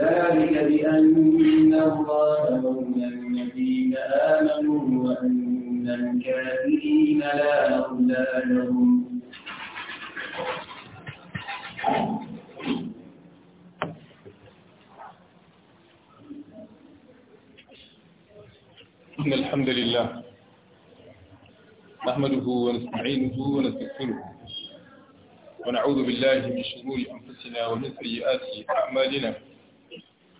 ذلك بأن الله مولى الذين آمنوا وأن الكافرين لا مولى لهم إن الحمد لله نحمده ونستعينه ونستغفره ونعوذ بالله من شرور أنفسنا ومن سيئات أعمالنا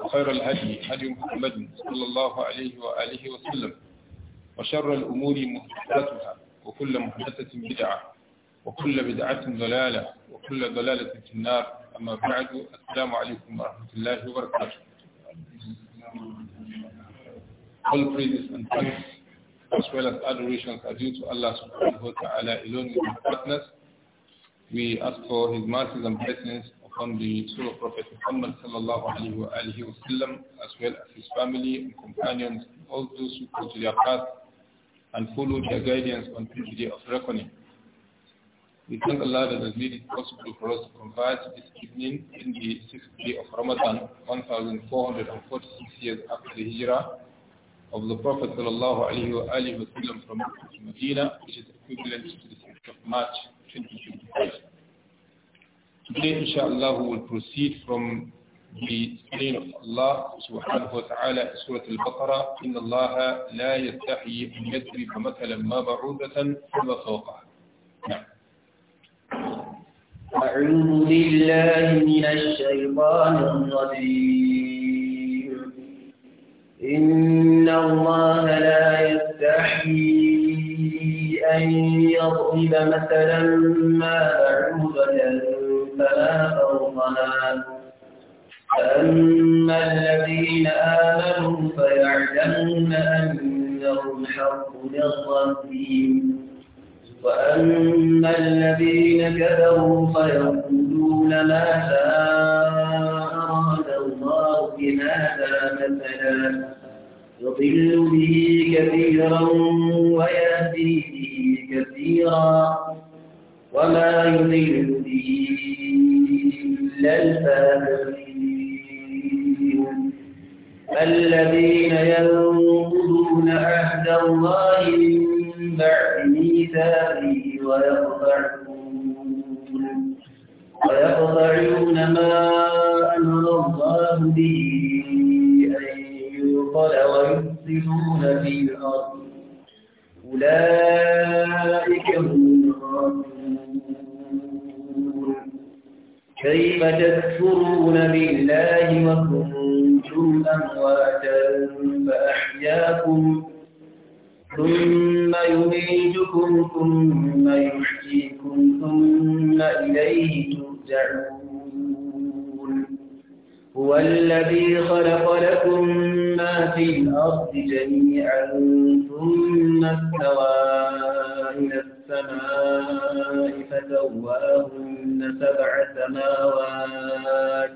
وخير الهدي هدي محمد صلى الله عليه وآله وسلم وشر الأمور محدثاتها وكل محدثة بدعة وكل بدعة ضلالة وكل ضلالة في النار أما بعد السلام عليكم ورحمة الله وبركاته All praises and thanks as well as adorations are due to Allah subhanahu wa ta'ala alone with his partners. We ask for his mercies and blessings On the Surah Prophet Muhammad sallallahu alayhi wa alihi as well as his family and companions, all those who go to their path and follow their guidance until the day of reckoning. We thank Allah that has made it possible for us to converge this evening in the sixth day of Ramadan, 1446 years after the Hijrah of the Prophet sallallahu alayhi wa alihi from Medina, which is equivalent to the 6th of March 2025. Today, inshallah, we will proceed from the saying of Allah subhanahu wa ta'ala Surah Al-Baqarah, إِنَّ اللَّهَ لَا يَسْتَحْيِي أَنْ يَضْرِبَ مَثَلًا مَا بَعُوضَةً فَمَا فَوْقَهَا نعم أعوذ بالله من الشيطان الرجيم إن الله لا يستحي أن يضرب مثلا ما بعوضة فلا خوف عليهم فأما الذين آمنوا فيعلمون أنه الحق من وأما الذين كفروا فيقولون ماذا أراد الله بهذا مثلا يضل به كثيرا ويهدي به كثيرا وما يضل به إلا الفاسقين الذين ينقضون عهد الله من بعد ميثاقه ويقطعون ويقطعون ما أمر الله به أن يوصل ويفسدون في الأرض أولئك هم الخاسرون كيف تكفرون بالله وكنتم أمواتا فأحياكم ثم يميتكم ثم يحييكم ثم إليه ترجعون هو الذي خلق لكم ما في الأرض جميعا ثم استوى إلى السماء فسواهن سبع سماوات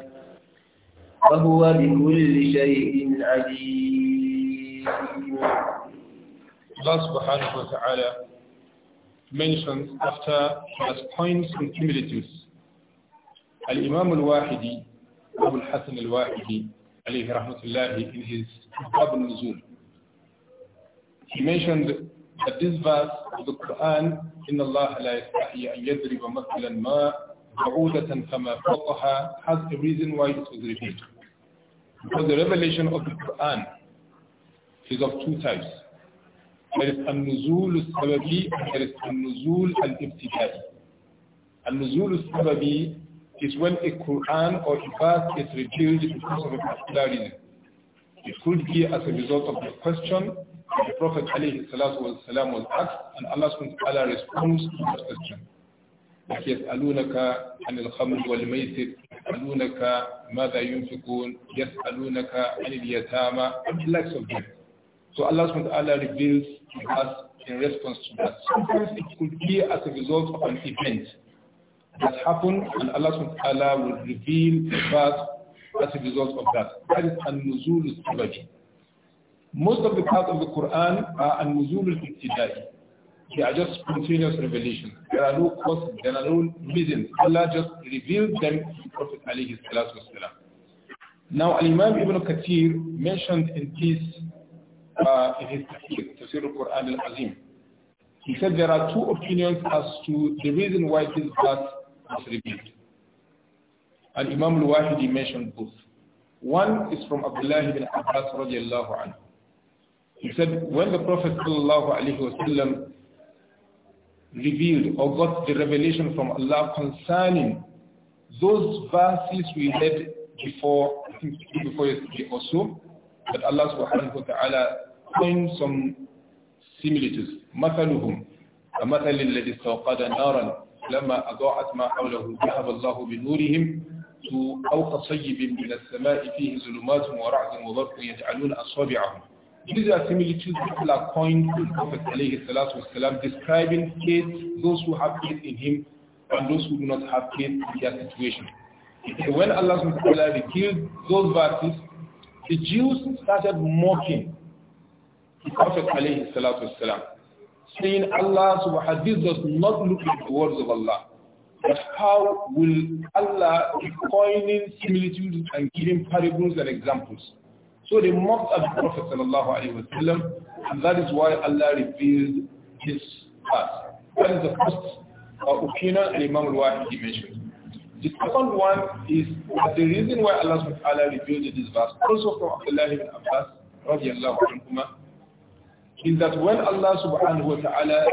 وهو بكل شيء عليم الله سبحانه وتعالى mentions after first points in similitudes. الإمام الواحدي Abu al-Hasan al-Wahidi, alayhi rahmatullahi, in his Kitab al-Nuzul. He mentioned that this verse of the Quran, إِنَّ اللَّهَ لَا يَسْتَحْيِ أَنْ يَضْرِبَ مَثْلًا مَا بَعُودَةً فَمَا فَوْقَهَا has a reason why it was repeated. Because the revelation of the Quran is of two types. There is al-nuzul and there is al-nuzul al-ibtidai. Al-nuzul is when a Quran or a verse is revealed because of a particular reason. It could be as a result of the question the Prophet alayhi was asked and Allah subhanahu responds to that question. Like يسألونك عن الخمر والميسر يسألونك ماذا ينفقون يسألونك عن اليتامى and the likes of them. So Allah subhanahu reveals to us in response to that. Sometimes it could be as a result of an event that happened and Allah subhanahu wa ta'ala will reveal the as a result of that. That is an-nuzul Most of the parts of the Quran are an-nuzul al They are just spontaneous revelations. There are no causes, there are no reasons. Allah just revealed them to Prophet alayhi salatu wasalam. Now Al-Imam Ibn Kathir mentioned in his, uh, in his tafsir, tafsir al-Quran al-Azim, he said there are two opinions as to the reason why this verse and Imam al-Wahidi mentioned both. One is from Abdullah ibn Abbas radiallahu anhu. He said, when the Prophet sallallahu revealed or got the revelation from Allah concerning those verses we read before, I think before yesterday also, that Allah subhanahu wa ta'ala coined some similitudes. مَثَلُهُمْ كَمَثَلِ الَّذِي اسْتَوْقَدَ نَارًا لما أضاعت ما حوله ذهب الله بنورهم فوق صيب من السماء فيه ظلمات ورعد وبرق يجعلون أصابعهم These are similar to people are coined the Prophet alayhi salatu wasalam describing faith, those who have faith in him and those who do not have faith in their situation. When Allah subhanahu wa ta'ala revealed those verses, the Jews started mocking the Prophet alayhi salatu wasalam saying Allah subhanahu taala does not look like the words of Allah. But how will Allah be coining similitudes and giving parables and examples? So they mocked of the Prophet sallallahu alaihi wasallam, and that is why Allah revealed this verse. That is the first uh, opinion and Imam al-Wahidi mentioned. The second one is that the reason why Allah subhanahu wa ta'ala revealed this verse, also from Abdullah ibn Abbas, radiallahu anhumah, is that when Allah subhanahu wa ta'ala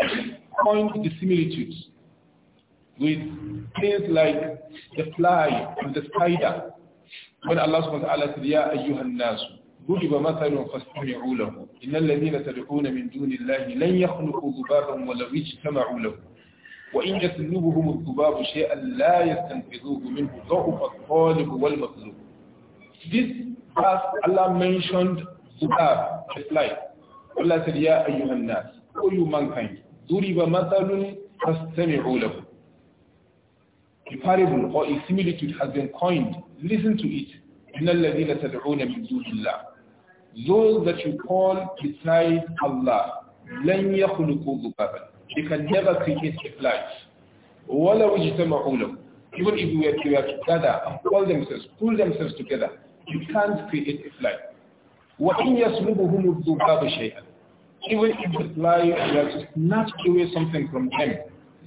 points the similitudes with things like the fly and the spider, when Allah subhanahu wa ta'ala said, Ya ayyuhan nasu, ضرب مثل فاستمعوا له إن الذين تدعون من دون الله لن يخلقوا ذبابا ولو اجتمعوا له وإن يسلبهم الذباب شيئا لا يستنقذوه منه ضعف الطالب والمطلوب This verse Allah mentioned ذباب, the fly. Allah said, Ya ayyuhan nas, O you mankind, duriba mathalun fastami'u lahu. A parable or a similitude has been coined. Listen to it. إِنَّ الَّذِينَ تَدْعُونَ مِنْ دُونِ اللَّهِ Those that you call besides Allah, لَنْ يَخْلُقُوا ذُبَابًا They can never create a flight. وَلَوْ اجْتَمَعُوا لَهُ Even if we were to gather and call themselves, pull themselves together, you can't create a flight. وَإِنْ يَسْلُبُهُمُ الذُّبَابُ شَيْئًا Even if the fly were to snatch away something from them,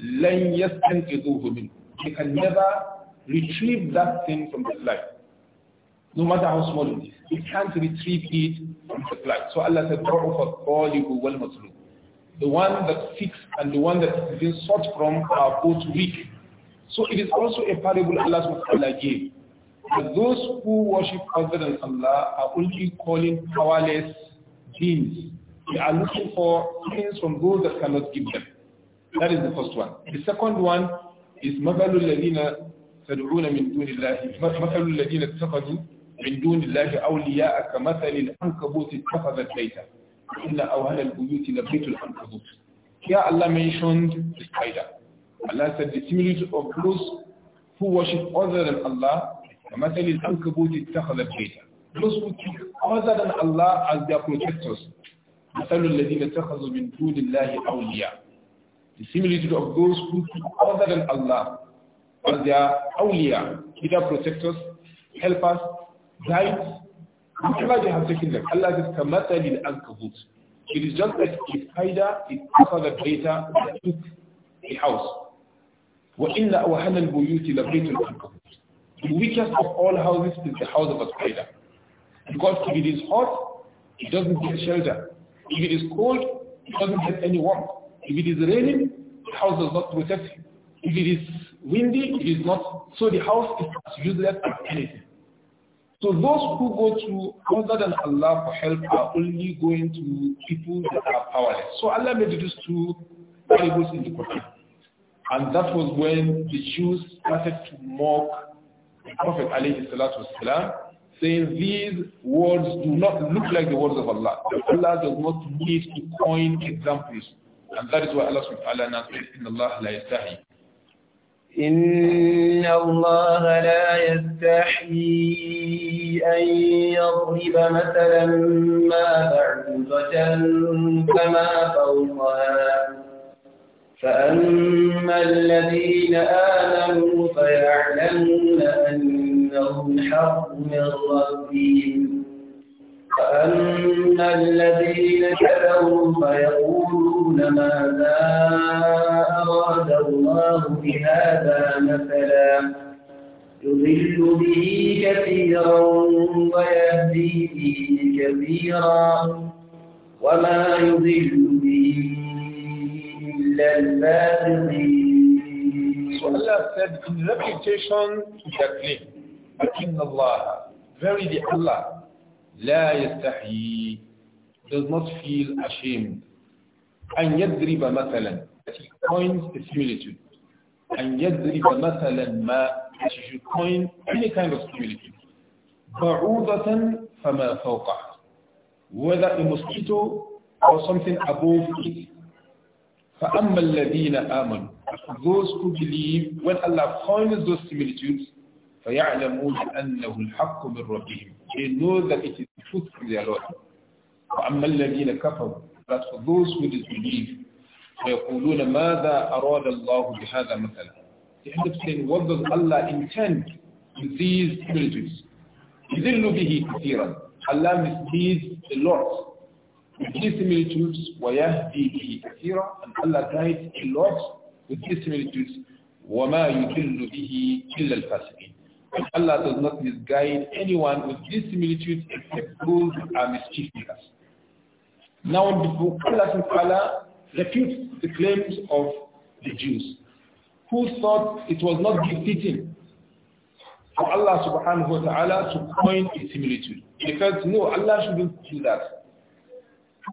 لَنْ يَسْتَنْقِذُوهُ مِنْهُ They can never retrieve that thing from the fly. No matter how small it is. It can't retrieve it from the fly. So Allah said, ضَعُفَ الطَّالِبُ وَالْمَطْلُوبُ The one that seeks and the one that has been sought from are both weak. So it is also a parable Allah subhanahu wa ta'ala gave that those who worship other than Allah are only calling powerless beings. They are looking for things from those that cannot give them. That is the first one. The second one is مَثَلُ الَّذِينَ تَدْعُونَ مِن دُونِ اللَّهِ مَثَلُ الَّذِينَ اتَّخَذُوا مِن دُونِ اللَّهِ أَوْلِيَاءَ كَمَثَلِ الْأَنْكَبُوتِ اتَّخَذَتْ بَيْتًا إِنَّ أَوْهَنَ الْبُيُوتِ لَبَيْتُ الْأَنْكَبُوتِ Here Allah mentioned the spider. Allah said the similitude of those who worship other than Allah ومثل الأنكبوت اتخذ بيتا other than Allah as their protectors. مثل الذين اتخذوا من دون الله أولياء. The similitude of those who other than Allah as their either protectors, helpers, guides, whatever they have taken them. Allah says, كَمَثَلِ الْأَنْكَبُوتِ It is just like a spider, it covered that took a house. وَإِنَّ أَوْهَنَ الْبُيُوتِ لَبَيْتُ الْأَنْكَبُوتِ the weakest of all houses is the house of a spider. Because if it is hot, it doesn't get shelter. If it is cold, it doesn't get any warmth. If it is raining, the house does not protect you. If it is windy, it is not. So the house is as useless as anything. So those who go to other than Allah for help are only going to people that are powerless. So Allah made these two parables in the Quran. And that was when the Jews started to mock the Prophet والسلام, saying these words do not look like the words of Allah. Allah does not need to coin examples. And that is why Allah subhanahu wa ta'ala says, إِنَّ اللَّهَ لَا يَسْتَحِي إن الله لا يستحيي أن يضرب مثلا ما بعوضة فما فوقها فأما الذين آمنوا فيعلمون الحق من ربهم فأما الذين كفروا فيقولون ماذا أراد الله بهذا مثلا يضل به كثيرا ويهدي به كثيرا وما يضل به إلا الفاسقين. Allah said in reputation, exactly. فَإِنَّ اللَّهَ Verily Allah لَا يَسْتَحْيِي Does not feel ashamed. أَنْ يَدْرِبَ مَثَلًا That he coins a similitude. أَنْ يَدْرِبَ مَثَلًا مَا That he should coin any kind of similitude. بَعُوضَةً فَمَا فَوْقَهَا Whether a mosquito or something above it. فَأَمَّا الَّذِينَ آمَنُوا Those who believe, when Allah coins those similitudes, فيعلمون أنه الحق من ربهم they know that it is the truth from their Lord وأما الذين كفروا but for those who disbelieve فيقولون ماذا أراد الله بهذا مثلا they end up saying what does Allah intend with these images يذل به كثيرا Allah misleads a lot with these similitudes ويهدي به كثيرا and Allah guides a lot with these similitudes وما يذل به إلا الفاسقين And Allah does not misguide anyone with dissimilitudes except those who are mischievous. Now in the book, Allah Ta'ala refutes the claims of the Jews who thought it was not befitting for Allah subhanahu wa ta'ala to coin a similitude. Because no, Allah shouldn't do that.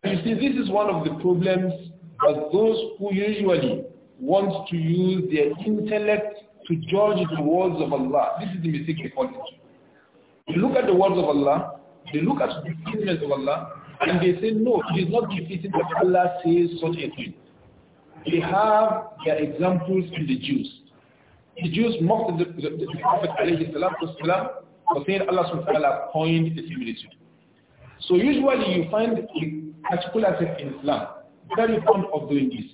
you see, this is one of the problems that those who usually want to use their intellect to judge the words of Allah. This is the mistake they fall into. They look at the words of Allah, they look at the statements of Allah, and they say, no, it is not befitting that Allah says such a thing. They have their examples in the Jews. The Jews mocked the, the, the, Prophet والسلام, for saying Allah subhanahu wa ta'ala coined a similitude. So usually you find a particular sect in Islam very fond of doing this.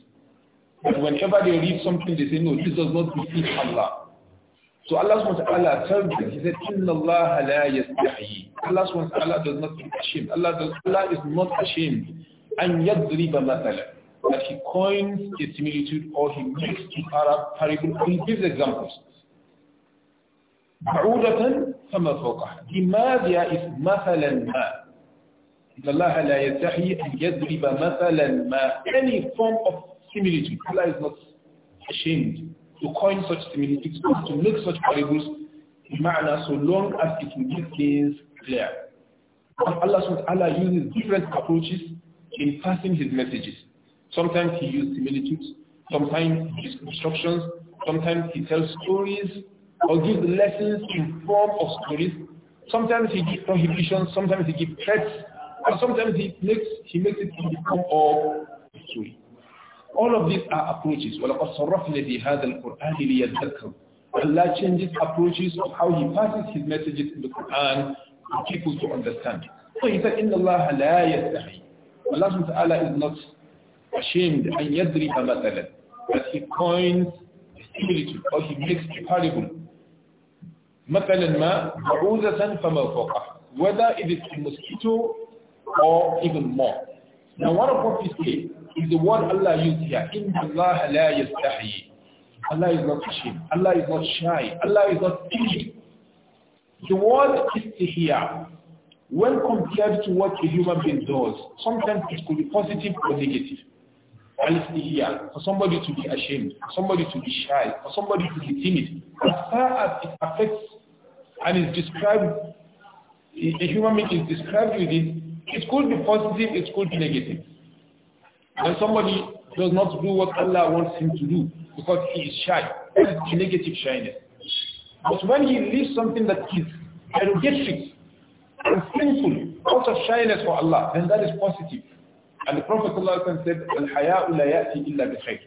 But whenever they read something, they say, no, this does not befit Allah. So Allah subhanahu wa ta'ala tells them, He said, Inna Allah la yastahi. Allah subhanahu does not be ashamed. Allah, does, Allah is not ashamed. And yadriba matala. That He coins a similitude or He makes arab parable. He gives examples. بعودة فما فوقها لماذا is مثلا ما إن الله لا يستحي أن يضرب مثلا ما any form of similitude. Allah is not ashamed to coin such similitudes or oh. to make such parables ma'ana so long as it will give things clear. And Allah uses different approaches in passing his messages. Sometimes he uses similitudes, sometimes he gives instructions, sometimes he tells stories or gives lessons in form of stories. Sometimes he gives prohibitions, sometimes he gives threats, and sometimes he makes, he makes it in the form of a story. All of these are approaches. وَلَقَدْ صَرَّفْنَا بِهَذَا الْقُرْآنِ لِيَذَّكَّرُوا Allah changes approaches of how He passes His messages in the Quran for people to understand. So He said, إِنَّ اللَّهَ Allah subhanahu wa ta'ala is not ashamed أَنْ يَدْرِبَ مَثَلًا That He coins a similitude or He makes a parable. مَثَلًا مَا بَعُوذَةً فَمَا Whether it is a mosquito or even more. Now what about what case? is the word Allah used here. Inna Allah la yastahi. Allah is not ashamed. Allah is not shy. Allah is not timid. The word istihya, when compared to what a human being does, sometimes it could be positive or negative. Al-istihya, for somebody to be ashamed, for somebody to be shy, for somebody to be timid. As far as it affects and is described, a human being is described with it, it could be positive, it could be negative. When somebody does not do what Allah wants him to do because he is shy, it's negative shyness. But when he leaves something that is derogatory and sinful out of shyness for Allah, then that is positive. And the Prophet ﷺ said, Al-haya'u la ya'ti illa bi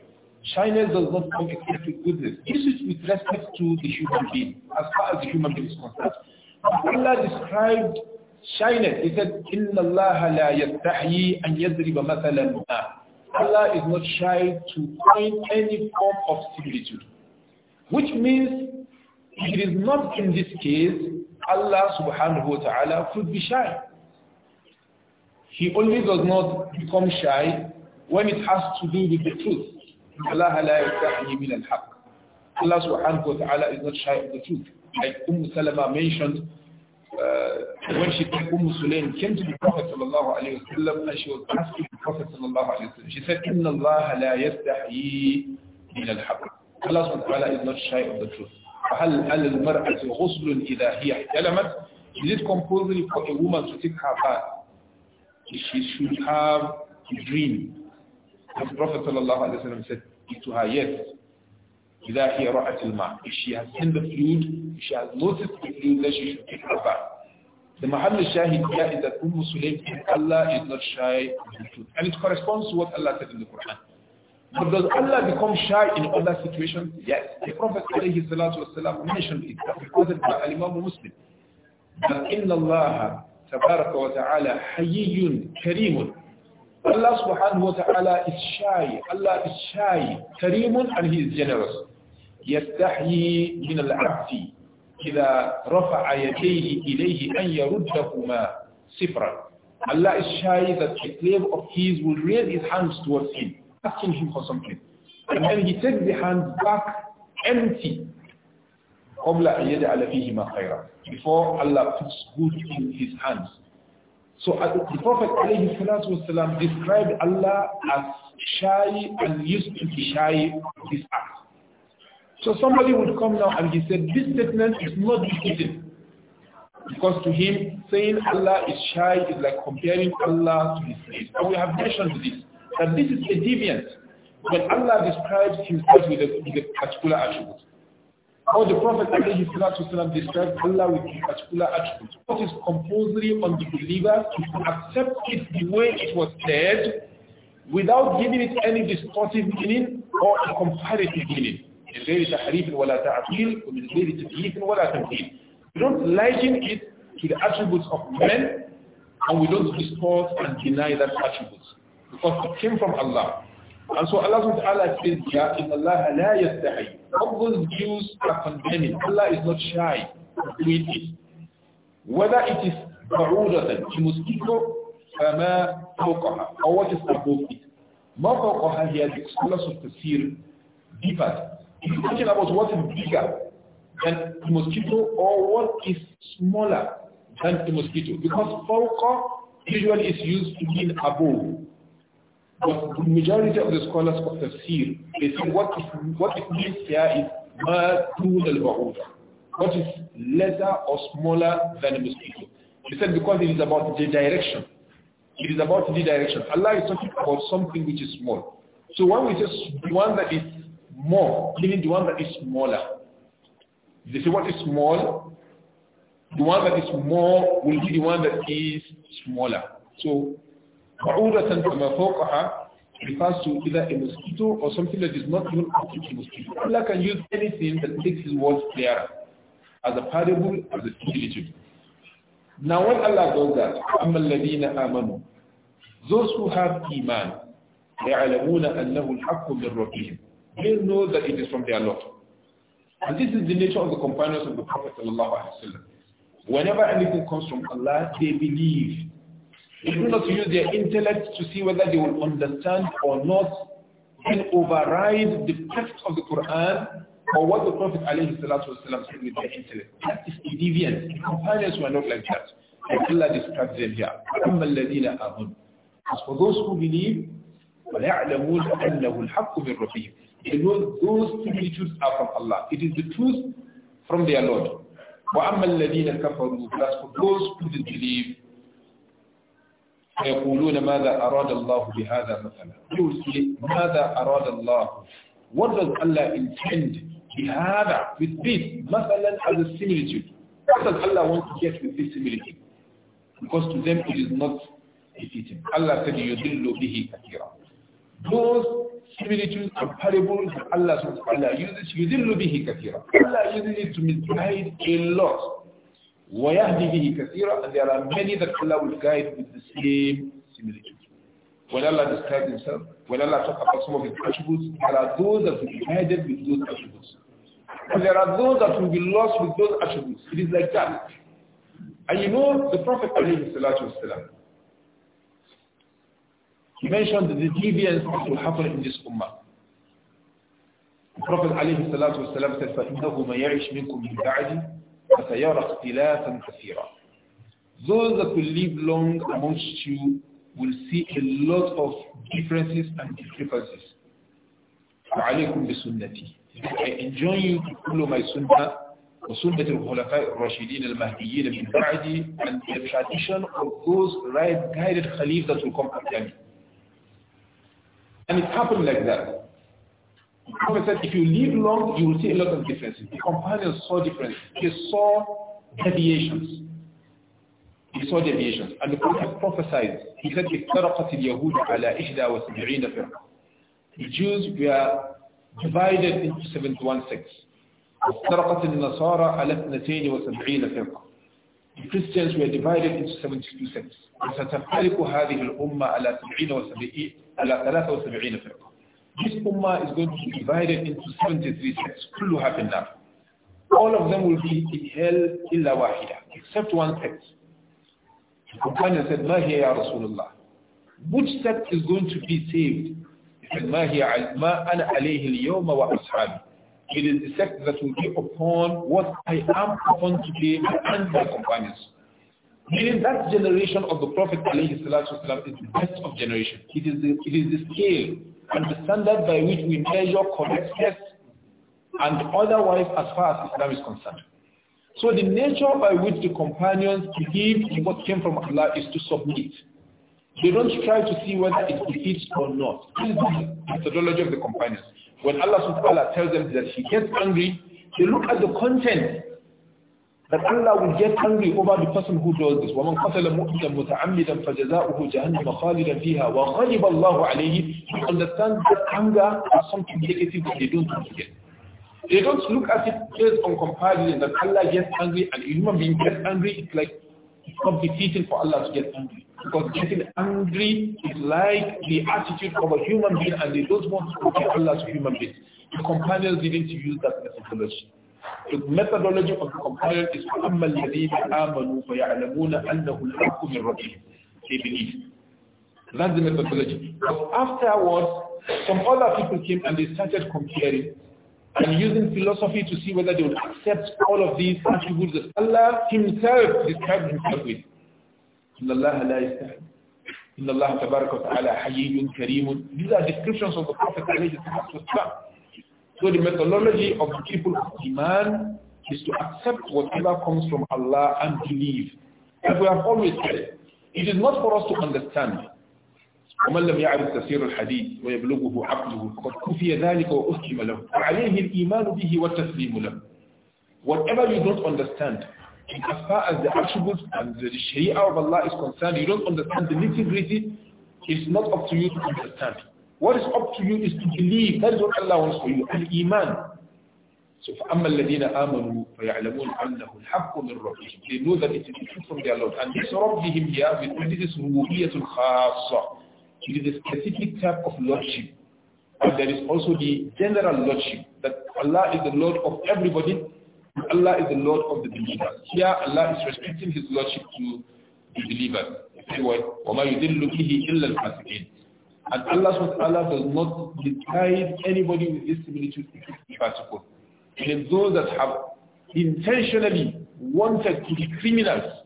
Shyness does not come except with goodness. This is with respect to the human being, as far as the human being is concerned. Allah described shyness. He said, "Inna اللَّهَ la يَسْتَحْيِي an يَضْرِبَ مَثَلًا Allah is not shy to find any form of similitude. Which means, it is not in this case, Allah subhanahu wa ta'ala could be shy. He only does not become shy when it has to do with the truth. Allah la yastahi min al-haq. Allah subhanahu wa ta'ala is not shy of the truth. Like Umm Salama mentioned, when she took Umm Sulaim came to the Prophet sallallahu alayhi wa sallam and she was asking the Prophet sallallahu alayhi wa sallam, she said, إِنَّ اللَّهَ لَا يَسْتَحْيِي مِنَ الْحَقِّ Allah subhanahu wa ta'ala is not shy of the truth. فَهَلْ أَلَى الْمَرْأَةِ غُسْلٌ إِذَا هِيَ احْتَلَمَتْ Is it compulsory for a woman to take her bath? She should have a dream. the Prophet sallallahu alayhi wa sallam said to her, yes, إِذَا هِيَ رَأَتِ الْمَاءِ If she has seen the fluid, if she has noticed the fluid, then she should take her bath. The Mahal Shahid here is that Umm Sulaim Allah is not shy the truth. And it corresponds to what Allah said in the Quran. But does Allah become shy in other situations? Yes. The Prophet والسلام, mentioned it reported by Imam Muslim. That inna Allah tabaraka wa ta'ala hayyun kareemun. Allah subhanahu wa ta'ala is shy. Allah is shy, kareemun, and he is generous. يستحيي من العبد إذا رفع يديه إليه أن يردهما سفرا Allah is shy that a slave of his will raise his hands towards him, asking him for something. And then he takes the hands back empty. Before Allah puts good in his hands. So uh, the Prophet والسلام, described Allah as shy and used to be shy of his acts. So somebody would come now and he said, this statement is not defeated. Because to him, saying Allah is shy is like comparing Allah to his slaves. And we have mentioned this, that this is a deviant. When Allah describes himself with a, with a particular attribute, or the Prophet ﷺ described Allah with a particular attribute, what is compulsory on the believer to accept it the way it was said without giving it any distortive meaning or a comparative meaning. من غير تحريف ولا تعطيل ومن غير تكييف ولا تمثيل We don't liken it to the attributes of men and we don't discuss and deny that attributes because it came from Allah. And so Allah SWT says Ya إِنَّ Allah la يَسْتَحِي All those views are condemning. Allah is not shy of doing it. Whether it is ba'udatan, a mosquito, فَمَا فَوْقَهَا Or what is above it. مَا فَوْقَهَا here, the scholars of Tafsir differ is talking about what is bigger than the mosquito or what is smaller than the mosquito. Because fawqa usually is used to mean above. But the majority of the scholars of tafsir, they say what, is, what it means here is matul al what is lesser or smaller than a mosquito. He said because it is about the direction. It is about the direction. Allah is talking about something which is small. So when we just the one that is more, meaning the one that is smaller. They say what is small, the one that is more will be the one that is smaller. So, ba'udatan kama fawqaha refers to either a mosquito or something that is not even a mosquito. Allah can use anything that makes his words clearer, as a parable, as a similitude. Now when Allah does that, أَمَّا الَّذِينَ آمَنُوا Those who have iman, يَعْلَمُونَ أَنَّهُ الْحَقُّ مِنْ رَبِّهِمْ they know that it is from their Lord. And this is the nature of the companions of the Prophet Whenever anything comes from Allah, they believe. They do not use their intellect to see whether they will understand or not and override the text of the Quran or what the Prophet ﷺ said with their intellect. That is deviant. The companions were not like that. And Allah describes them here. As for those who believe, وَلَيَعْلَمُونَ أَنَّهُ الْحَقُّ مِنْ رَبِّهِمْ Alone, those truths are from Allah. It is the truth from their Lord. وَأَمَّا الَّذِينَ كَفَرُوا That's for those who didn't believe. فَيَقُولُونَ مَاذَا أَرَادَ اللَّهُ بِهَذَا مَثَلًا You will say, مَاذَا أَرَادَ اللَّهُ What does Allah intend بهذا with this مثلا as a similitude? What does Allah want to get with this similitude? Because to them it is not defeating. Allah said, يُذِلُّ بِهِ كَثِيرًا Those similitudes and parables that Allah subhanahu uses يذل به كثيرا Allah uses it to misguide a lot ويهدي به كثيرا and there are many that Allah will guide with the same similitude when Allah describes himself when Allah talks about some of his attributes there are those that will be guided with those attributes and there are those that will be lost with those attributes it is like that and you know the Prophet alayhi salatu wasalam he mentioned the deviance that will happen in this ummah. The Prophet عليه والسلام said, فَإِنَّهُ مِنْكُمْ مِنْ بَعْدِ اخْتِلَافًا كَثِيرًا Those that will live long amongst you will see a lot of differences and discrepancies. بسنتي. I enjoin you to follow my sunnah وسنة الخلفاء الراشدين المهديين من بعدي and the tradition of those right guided caliphs that will come after me. And it happened like that. Prophet said, if you live long, you will see a lot of differences. The companions saw differences. They saw deviations. They saw deviations. And the Prophet prophesied. He said, افترقت اليهود على 71 فرقة. The Jews were divided into 71 sects. افترقت النصارى على 72 فرقة. The Christians were divided into 72 sects. وستفترق هذه الأمة على 77 this ummah is going to be divided into 73 sects. كلها في النار. All of them will be in hell إلا واحدة, except one sect. The companion said, ما هي يا رسول الله? Which sect is going to be saved? He said, ما هي ما أنا عليه اليوم وأصحابي. It is the sect that will be upon what I am upon today and my companions. Meaning that generation of the Prophet والسلام, is the best of generation. It is, the, it is the scale and the standard by which we measure correctness and otherwise as far as Islam is concerned. So the nature by which the companions believe in what came from Allah is to submit. They don't try to see whether it fits or not. This is the methodology of the companions. When Allah subhanahu wa ta'ala tells them that he gets angry, they look at the content that Allah will get angry over the person who does this. وَمَنْ قَتَلَ مُؤْمِنًا مُتَعَمِّدًا فَجَزَاؤُهُ جَهَنَّمَ خَالِدًا فِيهَا وَغَضِبَ اللَّهُ عَلَيْهِ You understand that anger is something negative that they don't look at. They don't look at it based on comparison that Allah gets angry and a human being gets angry. It's like it's not befitting for Allah to get angry. Because getting angry is like the attitude of a human being and they don't want to compare Allah to human being. The companions didn't use that methodology. The methodology of the compiler is فَأَمَّا الَّذِينَ آمَنُوا فَيَعْلَمُونَ أَنَّهُ الْحَقُّ مِنْ رَبِّهِمْ They believe. That's the methodology. But afterwards, some other people came and they started comparing and using philosophy to see whether they would accept all of these attributes that Allah himself described himself with. إِنَّ اللَّهَ لَا يَسْتَحِي إِنَّ اللَّهَ تَبَارَكَ وَتَعَالَى حَيِّيٌّ كَرِيمٌ These are descriptions of the Prophet ﷺ. So the methodology of the people of Iman is to accept whatever comes from Allah and believe. As we have always said, it is not for us to understand. ومن لم يعرف تفسير الحديث ويبلغه عقله فقد كفي ذلك وأسلم له وعليه الإيمان به والتسليم له Whatever you don't understand, as far as the attributes and the Sharia of Allah is concerned, you don't understand the nitty-gritty, it's not up to you to understand. What is up to you is to believe. That is what Allah wants for you. Al-Iman. So فَأَمَّا الَّذِينَ آمَنُوا فَيَعْلَمُونَ أَنَّهُ الْحَقُّ مِنْ رَبِّهِمْ They know that it is the from their Lord. And this رَبِّهِمْ here, with this is رُبُوبِيَةٌ خَاصَّةٌ. It is a specific type of lordship. But there is also the general lordship, that Allah is the Lord of everybody, Allah is the Lord of the believers. Here Allah is restricting his lordship to the believers. وَمَا يُذِلُّ بِهِ إِلَّا الْفَاسِقِينَ and Allah SWT does not deprive anybody with this similitude particle. And those that have intentionally wanted to be criminals,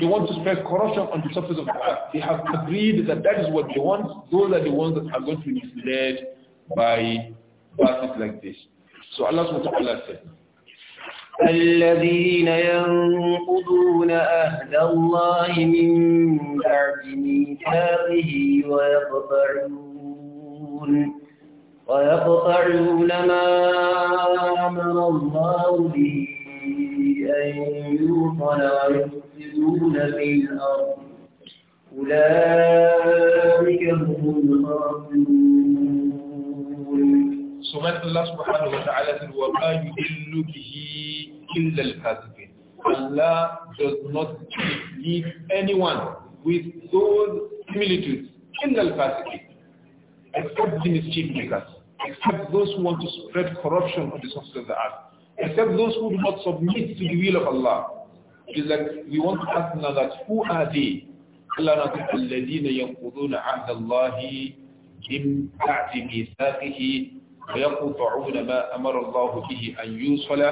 they want to spread corruption on the surface of the earth. They have agreed that that is what they want. Those are the ones that are going to be misled by verses like this. So Allah subhanahu said, الذين ينقضون أهل الله من بعد ميثاقه ويقطعون ويقطعون ما أمر الله به أن يوصل ويفسدون في الأرض أولئك هم الخاسرون So when Allah subhanahu wa ta'ala said, وَمَا يُدِلُّ بِهِ إِلَّا الْكَاذِبِينَ Allah does not leave anyone with those similitudes, the الْفَاسِقِينَ Except the mischief makers, except those who want to spread corruption on the surface of the earth, except those who do not submit to the will of Allah. It is like we want to ask now that who are they? Allah الَّذِينَ يَنْقُضُونَ عَهْدَ اللَّهِ مِنْ بَعْدِ مِيثَاقِهِ ويقطعون ما أمر الله به أن يوصل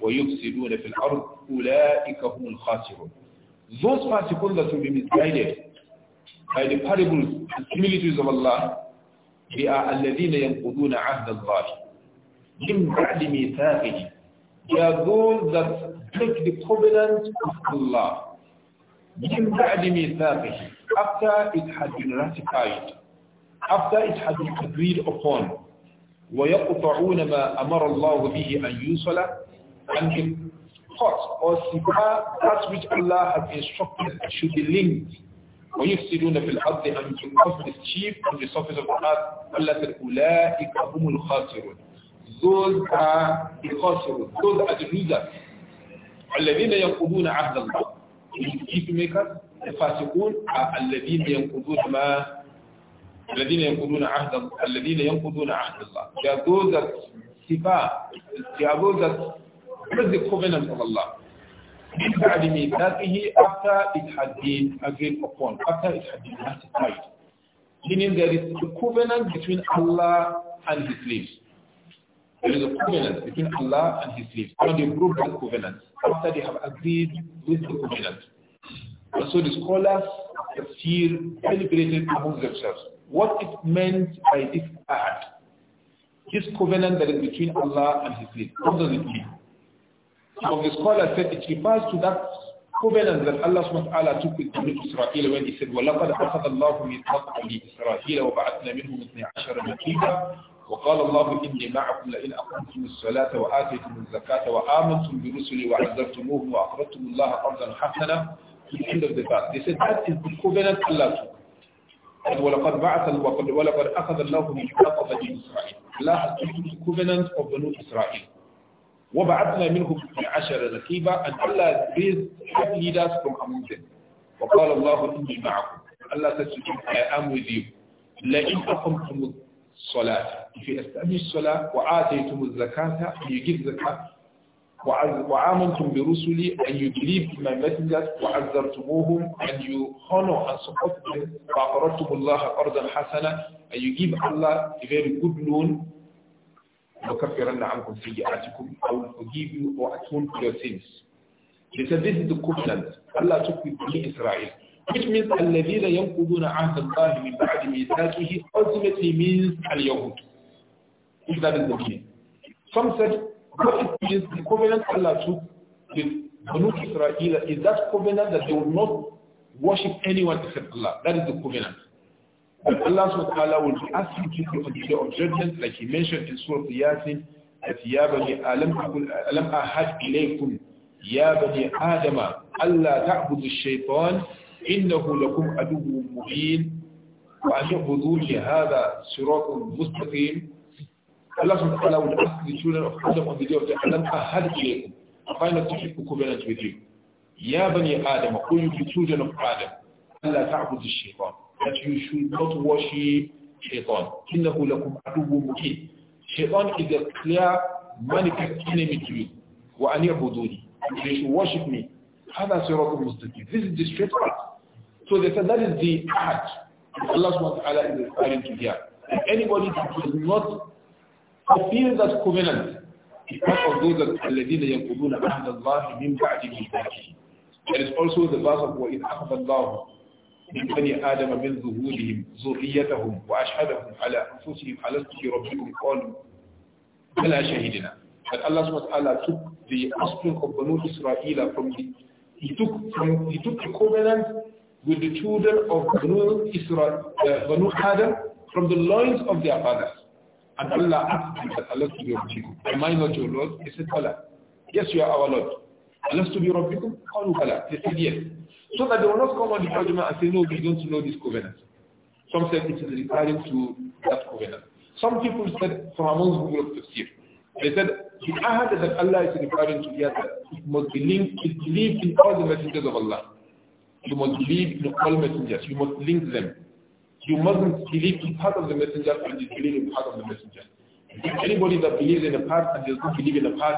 ويفسدون في الأرض أولئك هم الخاسرون Those particles that will be misguided by the parables and similitudes of Allah, they are الذين ينقضون عهد الله من بعد ميثاقه They are those that break the covenant of Allah من بعد ميثاقه after it had been ratified after it had been agreed upon وَيَقْطَعُونَ مَا أَمَرَ اللَّهُ بِهِ أَنْ يُوصَلَ And they cut or that which Allah has instructed should be linked. وَيُفْسِدُونَ فِي الْأَرْضِ And they the chief on the surface of the earth. Allah said, أُولَٰئِكَ هُمُ الْخَاسِرُونَ Those are the khasirun. Those are the losers. الَّذِينَ يَقُضُونَ عَهْدَ اللَّهِ The peacemakers, the fasiqun, are الَّذِينَ يَقُضُونَ مَا الذين ينقضون عهد الذين ينقضون عهد الله They are those that sifa, they are those that the covenant of Allah. من بعد ميثاقه after it أجيب been agreed upon, after it been ratified. Meaning there is a covenant between Allah and His slaves. There is a covenant between Allah and His slaves. And they broke that covenant after they have agreed with the covenant. And so the scholars have seer, celebrated among themselves. What it meant by this act? This covenant that is between Allah and His slave. What does it mean? Some of the scholars said it refers to that covenant that Allah subhanahu wa ta'ala took with Bani Israel when he said, وَلَقَدْ أَخَذَ اللَّهُ مِيثَاقَ بَنِي إِسْرَائِيلَ وَبَعَثْنَا مِنْهُمْ اثْنَيْ عَشَرَ نَقِيبًا وقال الله إني معكم لئن أقمتم الصلاة وآتيتم الزكاة وآمنتم برسلي وعزرتموهم وأقرضتم الله قرضا حسنا to the They said that is the covenant Allah and وَلَقَدْ بَعَثَ وَلَقَدْ أَخَذَ اللَّهُ مِيثَاقَ بَنِي إِسْرَائِيل Allah has the covenant of Banu Israel. وَبَعَثْنَا مِنْهُمْ اثْنَيْ عَشَرَ نَقِيبًا And Allah raised leaders from among them. وَقَالَ اللَّهُ إِنِّي مَعَكُمْ Allah said to I am with you. لَإِنْ أَقَمْتُمُ الصَّلَاةَ If you establish salah, وَآتَيْتُمُ الزَّكَاةَ And you give zakah, بِرُسُلِي And you believed in my messengers And you honor and them اللَّهَ أَرْضًا And you give Allah a very good loan وَكَفِّرَنَّ عَنْكُمْ سَيِّئَاتِكُمْ I will forgive you or atone for your sins. They said this is the covenant Allah took with Bani Israel. Which means الَّذِينَ يَنْقُضُونَ عَهْدَ اللَّهِ مِنْ بَعْدِ مِيثَاقِهِ ultimately means al If that is the meaning. Some said what is the covenant Allah took with Banu Israel is that covenant that they will not worship anyone except Allah. That is the covenant. And Allah subhanahu wa ta'ala will be asking people on the day of judgment, like he mentioned in Surah Yasin, that ya bani alam ahad ilaykum ya bani adama alla ta'budu shaytan innahu lakum aduwwun mubin wa an ta'budu li hadha siratun mustaqim Allah subhanahu wa ta'ala will ask the children of Adam on the day of the Alam Ahad ilaykum. Have I not taken covenant with you? Ya bani Adam, O you the children of Adam, Allah the shaitan. That you should not worship shaitan. Innahu lakum adubu mukin. Shaitan is a clear manifest enemy to you. Wa an yabuduni. They should worship me. Hada siratul mustaqim. This is the straight path. So they said that is the ahad. Allah subhanahu wa ta'ala is referring to here. And anybody that does not fulfills as covenant because of those that الَّذِينَ يَقُضُونَ عَهْدَ اللَّهِ مِنْ بَعْدِ مِيثَاقِهِ There is also the verse of وَإِذْ أَخَذَ اللَّهُ من بني آدم من ظهورهم ذريتهم وأشهدهم على أنفسهم ألست بربكم قالوا بلى شهدنا But Allah subhanahu wa ta'ala took the offspring of Banu Israel from the, he took from, he took the covenant with the children of Banu Israel, uh, Banu Adam from the loins of their fathers. And Allah asked Allah to be Am I not your Lord? He said, Allah. Yes, you are our Lord. Allah to be Rabbikum? Qalu Allah. They said, yes. So that they will not come on the judgment and say, no, we don't know this covenant. Some said it is referring to that covenant. Some people said, from among the people of Tafsir, they said, the ahad that Allah is referring to here, it must be linked, it believed in all the messengers of Allah. You must believe in all messengers. You must link them. You mustn't believe in part of the messenger and disbelieve in part of the messenger. Anybody that believes in a part and does not believe in a part,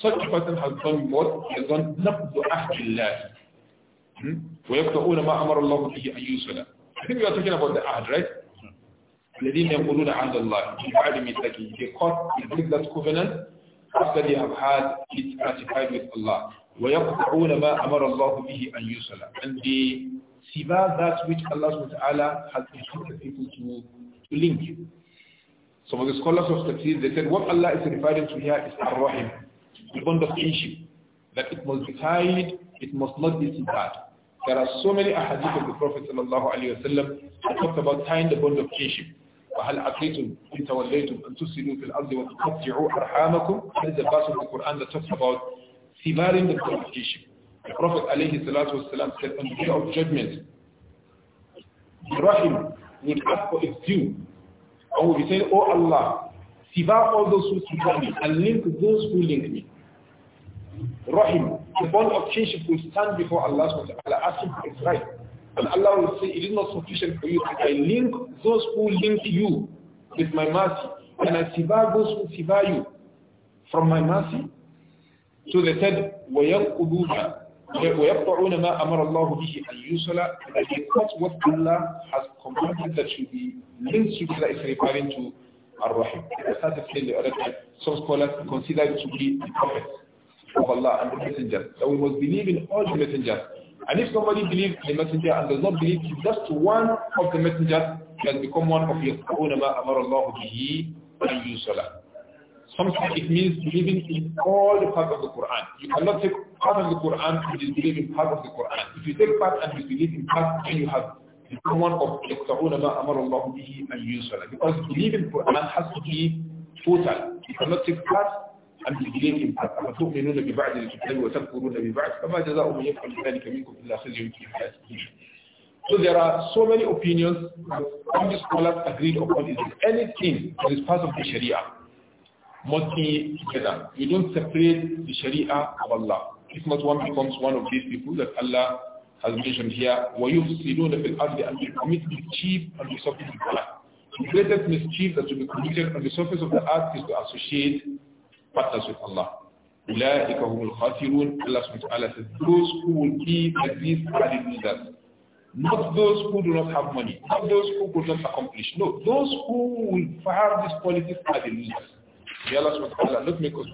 such a person has done what? He has done نقض عهد الله. ويقطعون ما أمر الله به أن يوصل. I think we are talking about the عهد, right? الذين يقولون عهد الله من بعد ميثاقه. They cut, they break that covenant after they have had it ratified with Allah. ويقطعون ما أمر الله به أن يوصل. And they siva that which Allah subhanahu wa Ta'ala has instructed people to, to link. Some of the scholars of Tafsir, they said what Allah is referring to here is Ar-Rahim, the bond of kinship, that it must be tied, it must not be severed. There are so many ahadith of the Prophet sallallahu alaihi wasallam that talked about tying the bond of kinship. وهل عقيتم إن توليتم أن تفسدوا في الأرض وتقطعوا أرحامكم That is the verse of the Quran that talks about severing the bond of kinship. The Prophet والسلام, said, on the day of judgment, the Rahim would ask for his due. And would be saying, Oh Allah, siva all those who siva me and link those who link me. Rahim, the bond of kinship will stand before Allah SWT, asking for his right. And Allah will say, it is not sufficient for you that I link those who link you with my mercy. And I siva those who siva you from my mercy. So they said, وَيَنْقُضُونَ وَيَقْطَعُونَ مَا أَمَرَ اللَّهُ بِهِ أَنْ يُوصَلَ And they cut what Allah has commanded that should be linked together is referring to Ar-Rahim. As I said the other some scholars consider it to be the prophet of Allah and the messenger. So we must believe in all the messengers. And if somebody believes in the messenger and does not believe in just one of the messengers, he has become one of يَقْطَعُونَ مَا أَمَرَ اللَّهُ بِهِ أَنْ يُوصَلَ Sometimes it means believing in all the parts of the Quran. You cannot take part of the Quran and disbelieve in part of the Quran. If you take part and disbelieve in part, then you have become one of يَقْتَعُونَ مَا أَمَرَ اللَّهُ بِهِ أَنْ يُسْرَ Because believing in Quran has to be total. You cannot take part and disbelieve in part. أَفَتُؤْمِنُونَ بِبَعْدِ الْكِتَابِ وَتَكْفُرُونَ بِبَعْدِ فَمَا جَزَاءُ مَنْ يَفْعَلُ ذَلِكَ مِنكُمْ إِلَّا خِزْيٌ فِي الْحَيَاةِ So there are so many opinions, all scholars agreed upon is anything that is part of the Sharia multi together. We don't separate the Sharia of Allah. If not, one becomes one of these people that Allah has mentioned here. وَيُفْسِلُونَ فِي الْأَرْضِ And they commit mischief on the surface of the earth. The greatest mischief that will be committed on the surface of the earth is to associate partners with Allah. أُولَٰئِكَ هُمُ الْخَاسِرُونَ Allah subhanahu says, those who will be like these are the losers. Not those who do not have money, not those who could not accomplish. No, those who will have these qualities are the losers. يلا سبحانه نتمكوا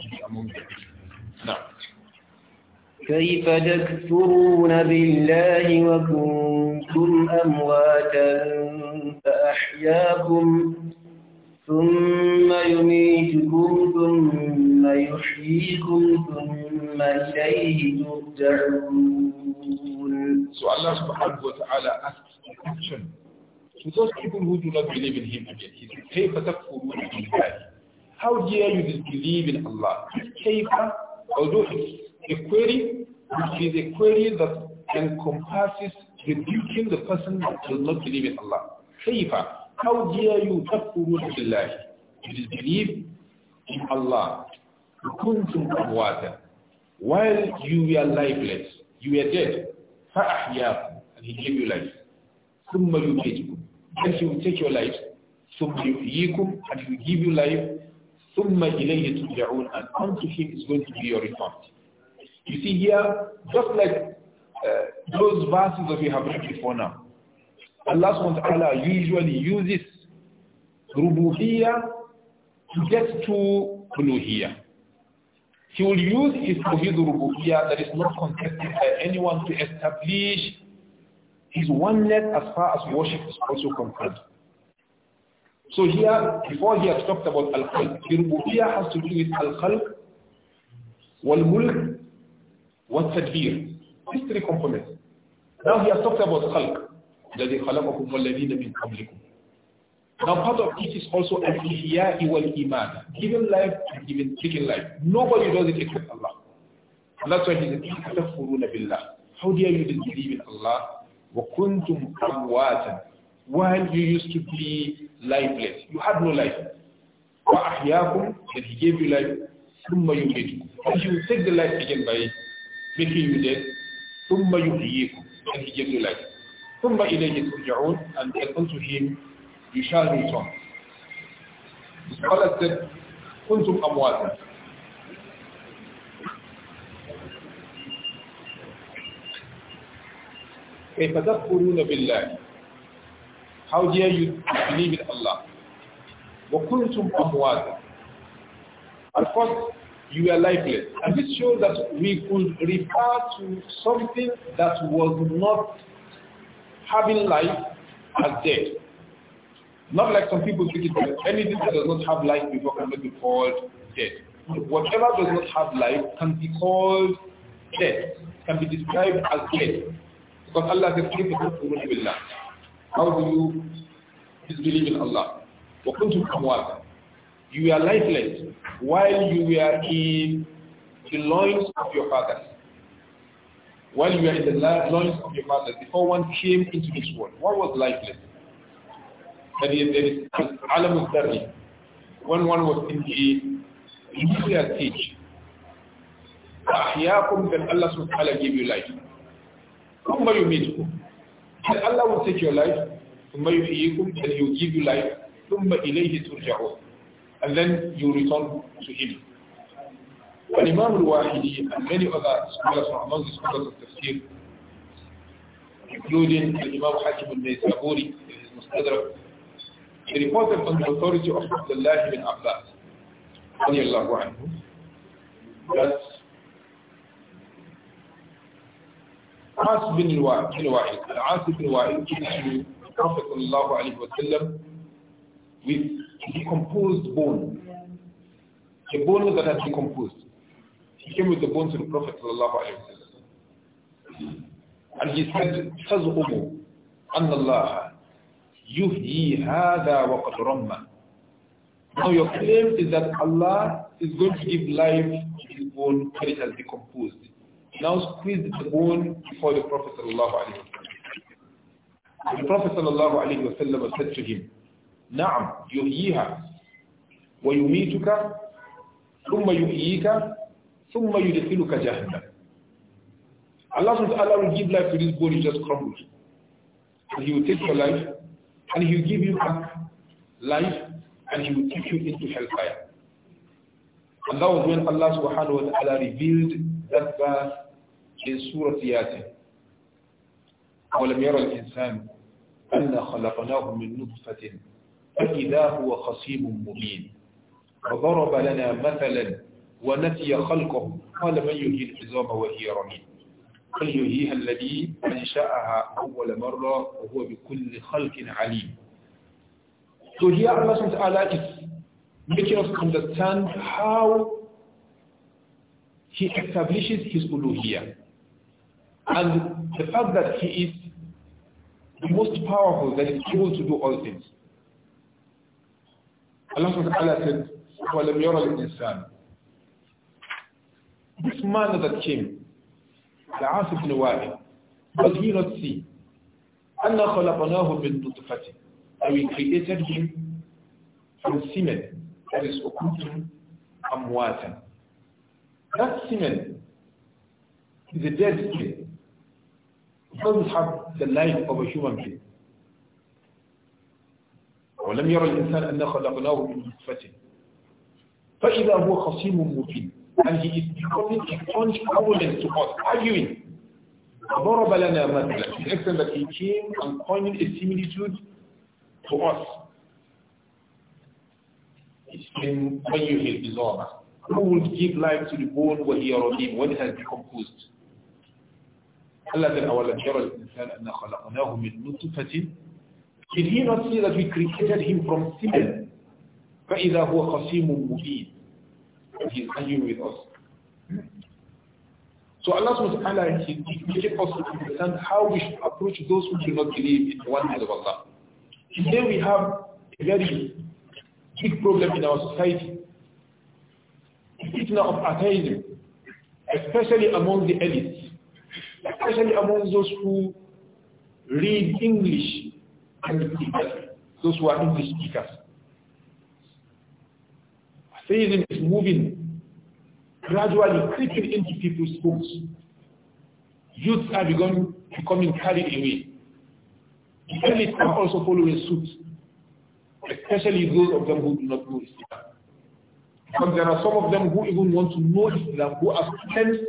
نعم كيف تكفرون بالله وكنتم أمواتا فأحياكم ثم يميتكم ثم يحييكم ثم إليه ترجعون سؤال الله سبحانه وتعالى أسأل كيف تكفرون بالله وكنتم أمواتا فأحياكم ثم يميتكم ثم يحييكم ثم كيف تكفرون بالله How dare you disbelieve in Allah? This paper, although it's a query, which is a query that encompasses rebuking the person that does not believe in Allah. Kaifa, how dare you تَكْفُرُونَ بِاللَّهِ You disbelieve in Allah. كُنْتُمْ أَمْوَاتًا While you were lifeless, you were dead. فَأَحْيَاكُمْ And he gave you life. ثُمَّ يُمِيتُكُمْ Then he will take your life. ثُمَّ يُحْيِيكُمْ And he will give you life. ثُمَّ إِلَيْهِ تُرْجَعُونَ And unto him is going to be your return. You see here, just like uh, those verses that we have read before now, Allah Taala usually uses rububiya to get to uluhiyyah. He will use his tawhid rububiya that is not contested by anyone to establish his oneness as far as worship is also concerned. So here, before he has talked about al-khalq, rububiyyah has to do with al-khalq, wal-mulk, wal-tadbir. These three components. Now he has talked about khalq, الذي خلقكم والذين من قبلكم. Now part of it is also al-ihya wal-iman, giving life and giving, taking life. Nobody does it except Allah. And that's why he said, تَكْفُرُونَ بِاللَّهِ How dare you believe in Allah? وَكُنْتُمْ أَمْوَاتًا While you used to be lifeless. You have no life. وَأَحْيَاكُمْ That He gave you life. ثُمَّ يُمِتُكُمْ And He will take the life again by making you dead. ثُمَّ يُحْيِيكُمْ And He gave you life. ثُمَّ إِلَيْهِ تُرْجَعُونَ And then unto Him you shall return. The scholar said, كُنْتُمْ أَمْوَاتًا كيف تكفرون بالله How dare you believe in Allah? وَكُنْتُمْ أَمْوَاتًا At first, you are lifeless. And this shows that we could refer to something that was not having life as dead. Not like some people think it that anything that does not have life before can be called dead. Whatever does not have life can be called dead, can be described as dead. Because Allah says, how do you disbelieve in Allah? You are lifeless while you were in the loins of your fathers. While you were in the loins of your fathers, before one came into this world, what was lifeless? That is, there is alam when one was in the nuclear stage. أحياكم then Allah subhanahu wa ta'ala gave you life. ثم يميتكم then Allah will take your life, ثم and He will give you life, ثم إليه ترجعون. and then you return to Him. And Imam al-Wahidi and many other scholars from among the scholars of tafsir, including Imam Hakim al-Naisaburi in his Mustadrak, he reported on the authority of Abdullah ibn Abbas, radiallahu anhu, that العاص بن الوائل العاص بن الوائل came to Prophet وسلم, with decomposed bone The bone that had decomposed he came with the bone to the Prophet وسلم, and he said تزعم أن الله يهيي هذا وقد رمى Now your claim is that Allah is going to give life to his bone when it has decomposed now squeezed the bone before the Prophet sallallahu The Prophet sallallahu alayhi wa said to him, نعم يحييها ويميتك ثم يحييك ثم يدخلك جهنم Allah says, "Allah will give life to this bone you just crumbled. And he will take your life and he will give you back life and he will take you into hellfire. And that was when Allah subhanahu wa ta'ala revealed that verse في سورة ياسين ولم يرى الإنسان أن خلقناه من نطفة فإذا هو خصيم مبين وضرب لنا مثلا ونسي خلقه قال من يهي الحزام وهي رميم قل يهيها الذي أنشأها أول مرة وهو بكل خلق عليم So here Allah subhanahu is making us understand how He establishes His uluhiyah. And the fact that he is the most powerful that is able to do all things. Allah subhanahu wa ta'ala said, وَلَمْ يَرَ This man that came, the asif ibn Wa'il, does he not see? أَنَّا خَلَقَنَاهُ مِنْ نُطْفَةٍ And we created him from semen that from أُكُنْتُمْ أَمْوَاتًا That semen is a dead semen doesn't have the life of a human being. ولم يرى الإنسان أن خلقناه من نطفة فإذا هو خصيم مبين and he is becoming a staunch opponent to us, arguing. ضرب لنا مثلا to extent that he came and pointed a similitude to us. It's in Bayyuhil bizarre. Who will give life to the bone when he are on when it has decomposed? Allah said, أَوَلَمْ يَرَ الْإِنسَانَ أن خَلَقْنَاهُ مِنْ نُطْفَةٍ Did he not see that we created him from sin? فَإِذَا هُوَ خَصِيمٌ مُبِينٌ And he's arguing with us. So Allah subhanahu wa ta'ala, He made us to understand how we should approach those who do not believe in the one oneness of Allah. Today we have a very big problem in our society. The fitna of atheism, especially among the elites. especially among those who read English and those who are English speakers. Atheism is moving gradually creeping into people's homes. Youths are becoming, becoming carried away. The elites are also following suit, especially those of them who do not know Islam. But there are some of them who even want to know Islam, who are students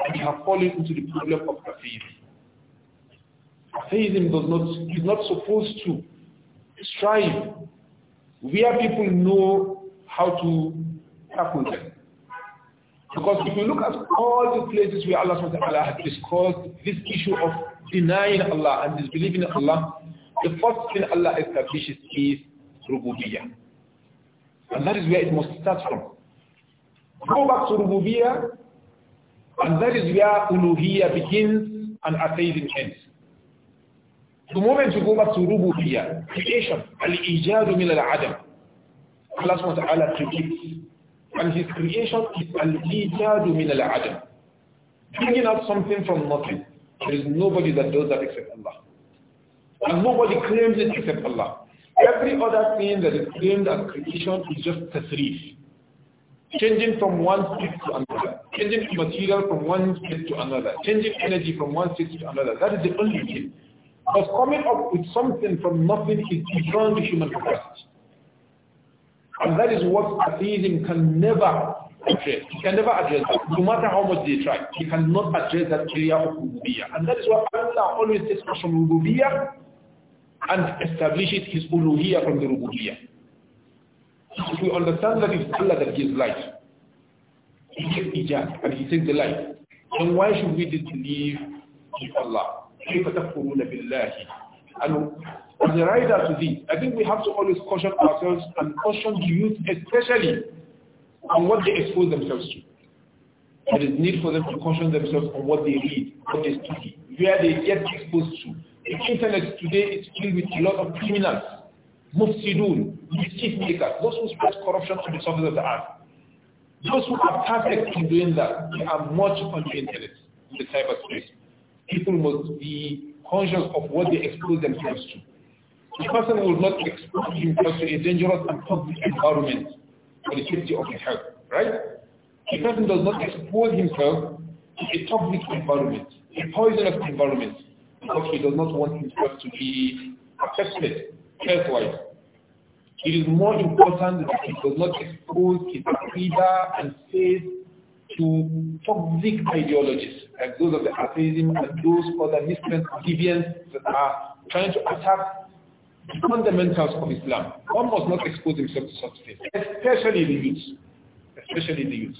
and you have fallen into the problem of atheism. Atheism does not, is not supposed to strive where people know how to tackle them. Because if you look at all the places where Allah SWT has discussed this issue of denying Allah and disbelieving Allah, the first thing Allah establishes is rububiya. And that is where it must start from. Go back to rububiya and that is where uluhiyya begins and atheism ends. The moment you go back to rububiyya, creation, al-ijadu min al-adam. Allah subhanahu creates. And his creation is al-ijadu min al-adam. Bringing out something from nothing. There is nobody that does that except Allah. And nobody claims it except Allah. Every other thing that is claimed as creation is just tasrif. Changing from one state to another changing material from one state to another, changing energy from one state to another. That is the only thing. Because coming up with something from nothing is beyond the human capacity. And that is what atheism can never address. It can never address that. No matter how much they try, it cannot address that area of rububiyyah. And that is why Allah always takes us from rububiyyah and establishes his uluhiyyah from the rububiyyah. If we understand that it's Allah that gives life, he gives and he takes the life. Then why should we disbelieve in Allah? And as a writer to this, I think we have to always caution ourselves and caution the youth especially on what they expose themselves to. There is need for them to caution themselves on what they read, what they study, where they get exposed to. The internet today is filled with a lot of criminals, mufsidun, mischief makers, those who spread corruption on the surface of the earth. Those who are perfect in doing that, they are much on the internet, in the cyberspace. People must be conscious of what they expose themselves to. The person will not expose himself to a dangerous and toxic environment for the safety of his health, right? The person does not expose himself to a toxic environment, a poisonous environment, because he does not want himself to be affected health-wise. It is more important that it does not expose its leader and faith to toxic ideologies, like those of the atheism and those other miscreants, deviants that are trying to attack the fundamentals of Islam. One must not expose himself to such things, especially the youth. Especially the youth.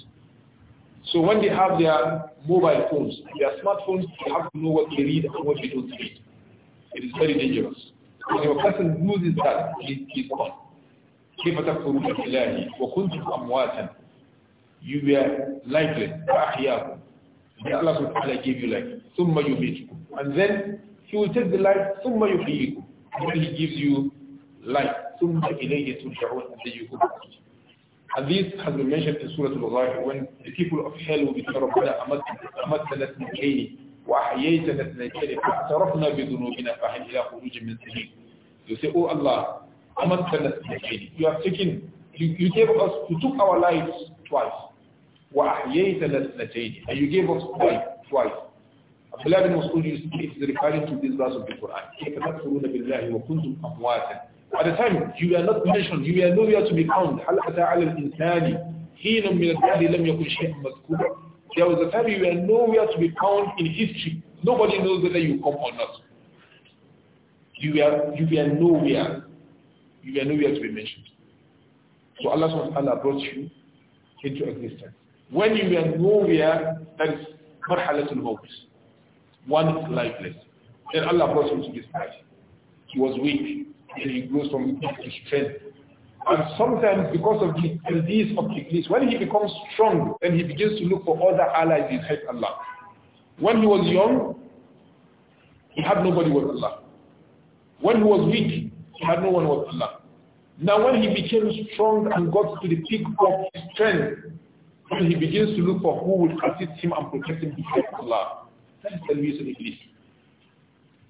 So when they have their mobile phones, their smartphones, they have to know what they read and what they don't read. It is very dangerous. When a person loses that, he is gone. كيف تكفرون بالله وكنتم أمواتا you were lifeless فأحياكم Allah give you life ثم يميتكم and then he will take the life ثم يحييكم when he gives you life ثم إليه ترجعون and then you go back And this has been mentioned in Surah Al-Zahir when the people of hell will be said, رَبَّنَا أَمَتَّنَا اثْنَتَيْنِ وَأَحْيَيْتَنَا اثْنَتَيْنِ فَاعْتَرَفْنَا بِذُنُوبِنَا فَهَلْ إِلَى خُرُوجٍ مِنْ سَبِيلٍ You say, Oh Allah, you have taken, you, you gave us, you took our lives twice. وَأَحْيَيْتَ لَسْنَتَيْنِ And you gave us life twice. Abdullah bin Mas'ud is referring to this verse of the Quran. At the time, you are not mentioned, you are nowhere to be found. هَلْ أَتَى There was a time you were nowhere to be found in history. Nobody knows whether you come or not. You were, you were nowhere you are nowhere to be mentioned. So Allah subhanahu brought you into existence. When you are nowhere, that is marhalatul maut. One is lifeless. Then Allah brought him to this life. He was weak, and he grows from weakness to strength. And sometimes because of the disease of Iblis, when he becomes strong, then he begins to look for other allies in help Allah. When he was young, he had nobody with Allah. When he was weak, he had no one was Allah. Now when he became strong and got to the peak of his strength, he begins to look for who would assist him and protect him before Allah. That is the reason it is.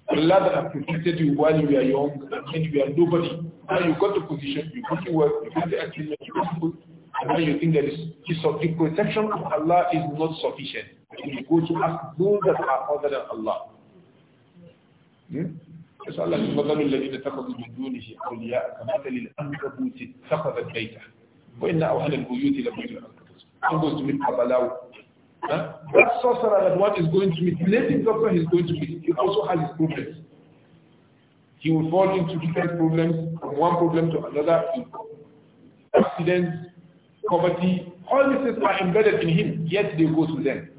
Allah that has protected you while you were young and when you were nobody. Now you got the position, you got the work, you got the achievement, you got the food, and now you think that is the protection of Allah is not sufficient. You go to ask those that are other than Allah. Hmm? That's الله مثل الذين اتخذوا من دونه أولياء كمثل اتخذت بيته وإن أوهن البيوت That sorcerer that one is going to meet, the native doctor he's going to meet, he also has his problems. He will fall into different problems, from one problem to another, accidents, poverty, all these things are embedded in him, yet they go to them.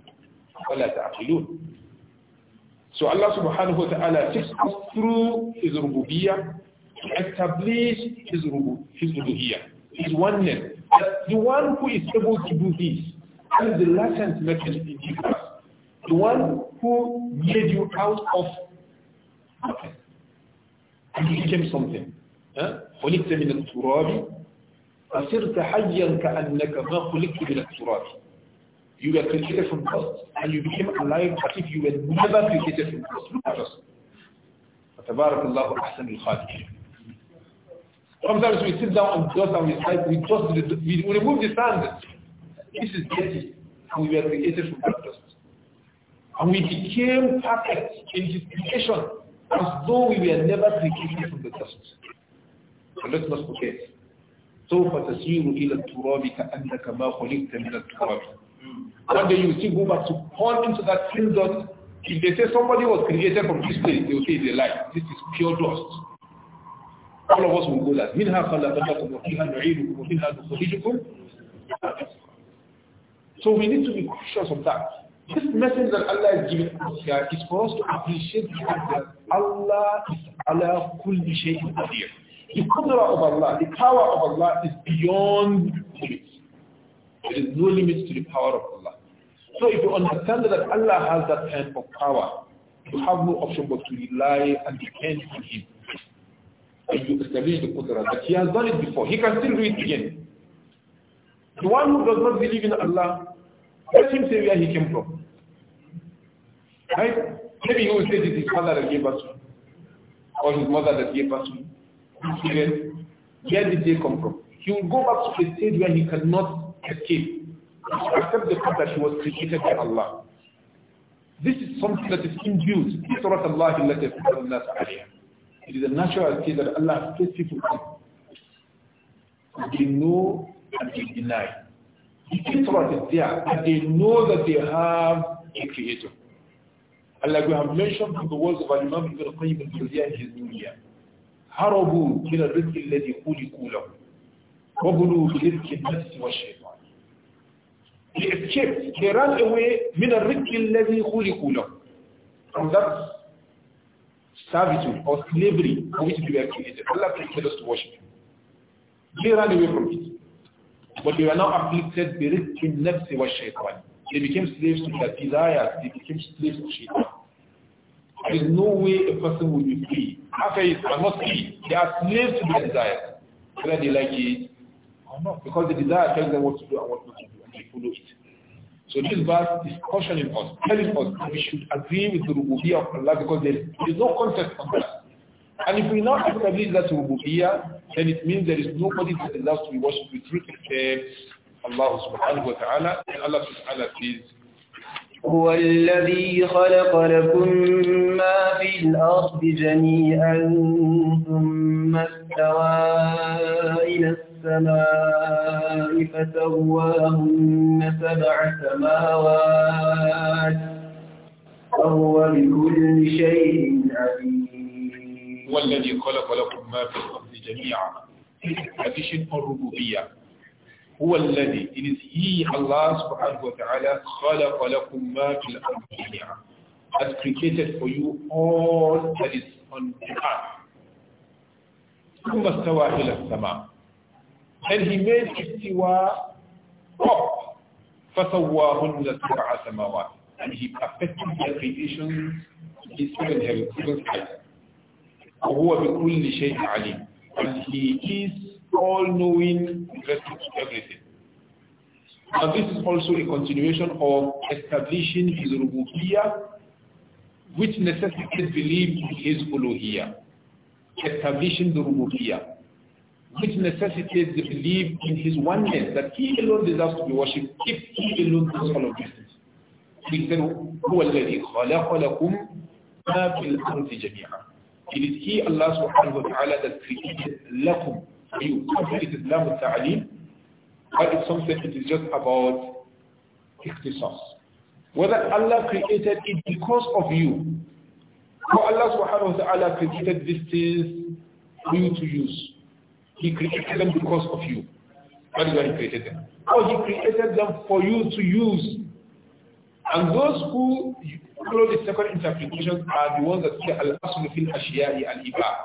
So Allah subhanahu wa ta'ala takes us through His rububiyyah to establish His rubu, His rububiyyah, His oneness. That the one who is able to do this, is the latent message in Jesus. The one who made you out of nothing. And you became something. خلقت من التراب فصرت حيا كأنك ما خلقت من التراب you were created from dust, and you became alive as if you were never created from dust. Look at us. Tabarakallahu ahsan al Sometimes we sit down on dust and we type, we dust, we remove the sand. This is dirty, and we were created from dust. And we became perfect in His creation, as though we were never created from the dust. So let's not forget. سوف تسير إلى التراب كأنك ما خلقت من التراب one day you still go back to fall into that same dust. If they say somebody was created from this place, they will say it's a lie. This is pure dust. All of us will go that. So we need to be cautious of that. This message that Allah is giving us here is for us to appreciate the fact that Allah is Allah kulli shay'in qadir. The power of Allah, the power of Allah is beyond limit. There is no limit to the power of Allah. So if you understand that Allah has that kind of power, you have no option but to rely and depend on Him. And you establish the Qudra that He has done it before. He can still do it again. The one who does not believe in Allah, let him say where he came from. Right? Maybe he will say that his father that gave us or his mother that gave us Where did they come from? He will go back to a stage where he cannot escape. Accept the fact that she was created by Allah. This is something that is induced. It is a natural state that Allah has placed people in. They know and they deny. The fitrat is there, and they know that they have a creator. And like we have mentioned from the words of Al-Imam Ibn Qayyim al-Jawziyah in his dunya, هربوا من الرزق الذي خلقوا له وبلوا برزق النفس والشيطان they escaped. They ran away من الرق الذي خلقوا له. From that servitude or slavery for which they were created. Allah created us to worship Him. They ran away from it. But they were now afflicted برق النفس والشيطان. They became slaves to their desires. They became slaves to shaitan. There is no way a person will be free. After it, I must free. They are slaves to their desires, whether they like it or not, because the desire tells them what to do and what not to do they follow it. So this verse is cautioning us, telling us that we should agree with the rububiyyah of Allah because there is no context of that. And if we not now establish that rububiyyah, then it means there is nobody that allowed to be worshipped with truth except Allah subhanahu wa ta'ala. And Allah subhanahu wa ta'ala says, هو الذي خلق لكم ما في الأرض جميعا ثم استوى إلى السماء فسواهن سبع سماوات وهو بكل شيء عليم هو الذي خلق لكم ما في الأرض جميعا في شيء الربوبية هو الذي it is he Allah subhanahu خلق لكم ما في الأرض جميعا has created for you all that is on the earth ثم استوى إلى السماء Then he made istiwa up. فَسَوَّاهُنَّ سَبْعَ سَمَاوَاتٍ And he perfected the creations his seven heavens, seven skies. وَهُوَ بِكُلِّ شَيْءٍ عَلِيمٍ And he is all-knowing, respect to everything. And this is also a continuation of establishing his rububiyyah, which necessitates belief in his uluhiyyah. Establishing the rububiyyah which necessitates the belief in his oneness, that he alone deserves to be worshipped, if he alone does all of these things. He said, هو الذي خلق لكم ما في الأرض جميعا. It is he, Allah subhanahu wa ta'ala, that created lakum, for you. Something it is lam al-ta'alim, but it's something it is just about ikhtisas. Whether Allah created it because of you, or Allah subhanahu wa ta'ala created these things for you to use. He created them because of you. That is why he created them. Or oh, he created them for you to use. And those who follow the second interpretation are the ones that say al-aslu fil ashiya'i al-ibah.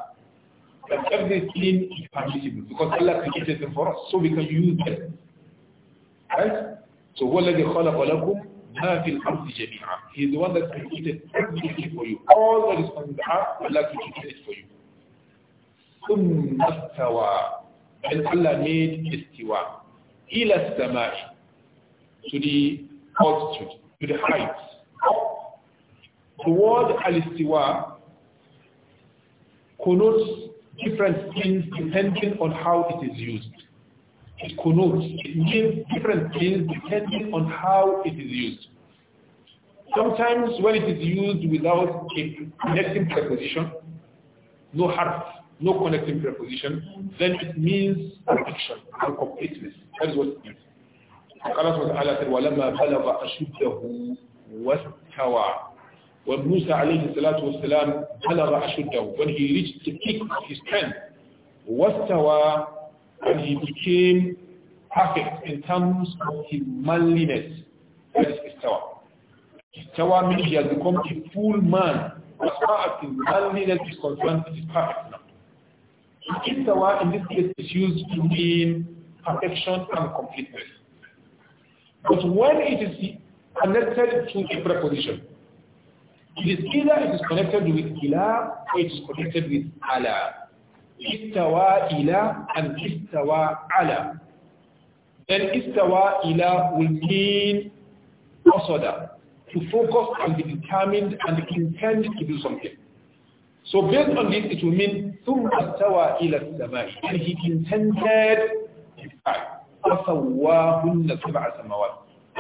That everything is permissible because Allah created them for us so we can use them. Right? So وَالَّذِي خَلَقَ لَكُمْ مَا فِي الْأَرْضِ جَمِيعًا He is the one that created everything for you. All that is on the earth, Allah created it for you. ثم استوى Allah made istiwa ila samai to the altitude to the height the word al-istiwa connotes different things depending on how it is used it connotes it means different things depending on how it is used sometimes when it is used without a connecting preposition no harf no connecting preposition, then it means perfection and completeness. That is what it means. Allah subhanahu wa ta'ala said, وَلَمَّا بَلَغَ أَشُدَّهُ وَاسْتَوَى When Musa عليه salatu wasalam بَلَغَ أَشُدَّهُ When he reached the peak of his strength, وَاسْتَوَى And he became perfect in terms of his manliness. That is istawa. Istawa means he has become a full man. As far as his manliness is concerned, he is perfect. Istawa in this case is used to mean perfection and completeness. But when it is connected to a preposition, it is either it is connected with ila or it is connected with ala. Istawa ila and istawa ala. Then istawa ila will mean qasada, to focus and be determined and intent to do something. So based on this, it will mean ثُمَّ اسْتَوَى إِلَى السَّمَاءِ And he intended his سَبْعَ سَمَوَاتٍ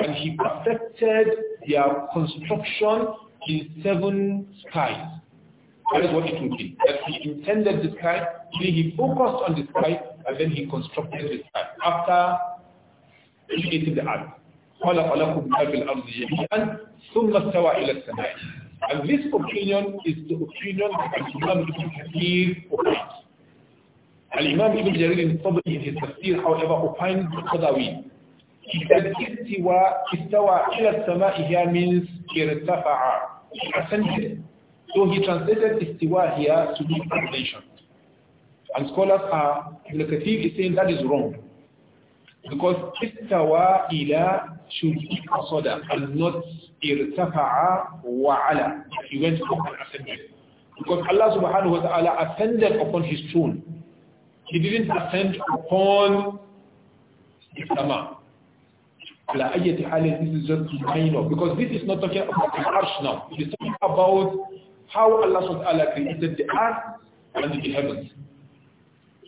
And he perfected their construction in seven skies. That is what it would be. That he intended the sky, then he focused on the sky, and then he constructed the sky. After creating the earth. خَلَقَ لَكُمْ مَا فِي الْأَرْضِ جَمِيعًا ثُمَّ اسْتَوَى إِلَى السَّمَاءِ and this opinion is the opinion that Imam Ibn Kathir opines. And imam Ibn Jarir in Tabri in his tafsir, however, opines the Qadawi. He said, Istiwa, istawa ila sama'i here means irtafa'a, ascended. So he translated istiwa here to be translation. And scholars are, Ibn Kathir is saying that is wrong. Because istawa ila should be qasada and not wa ala he went up and ascended because Allah subhanahu wa ta'ala ascended upon his throne he didn't ascend upon the sama ala halin this is just kind of because this is not talking about the arsh now it is talking about how Allah subhanahu wa ta'ala created the earth and the heavens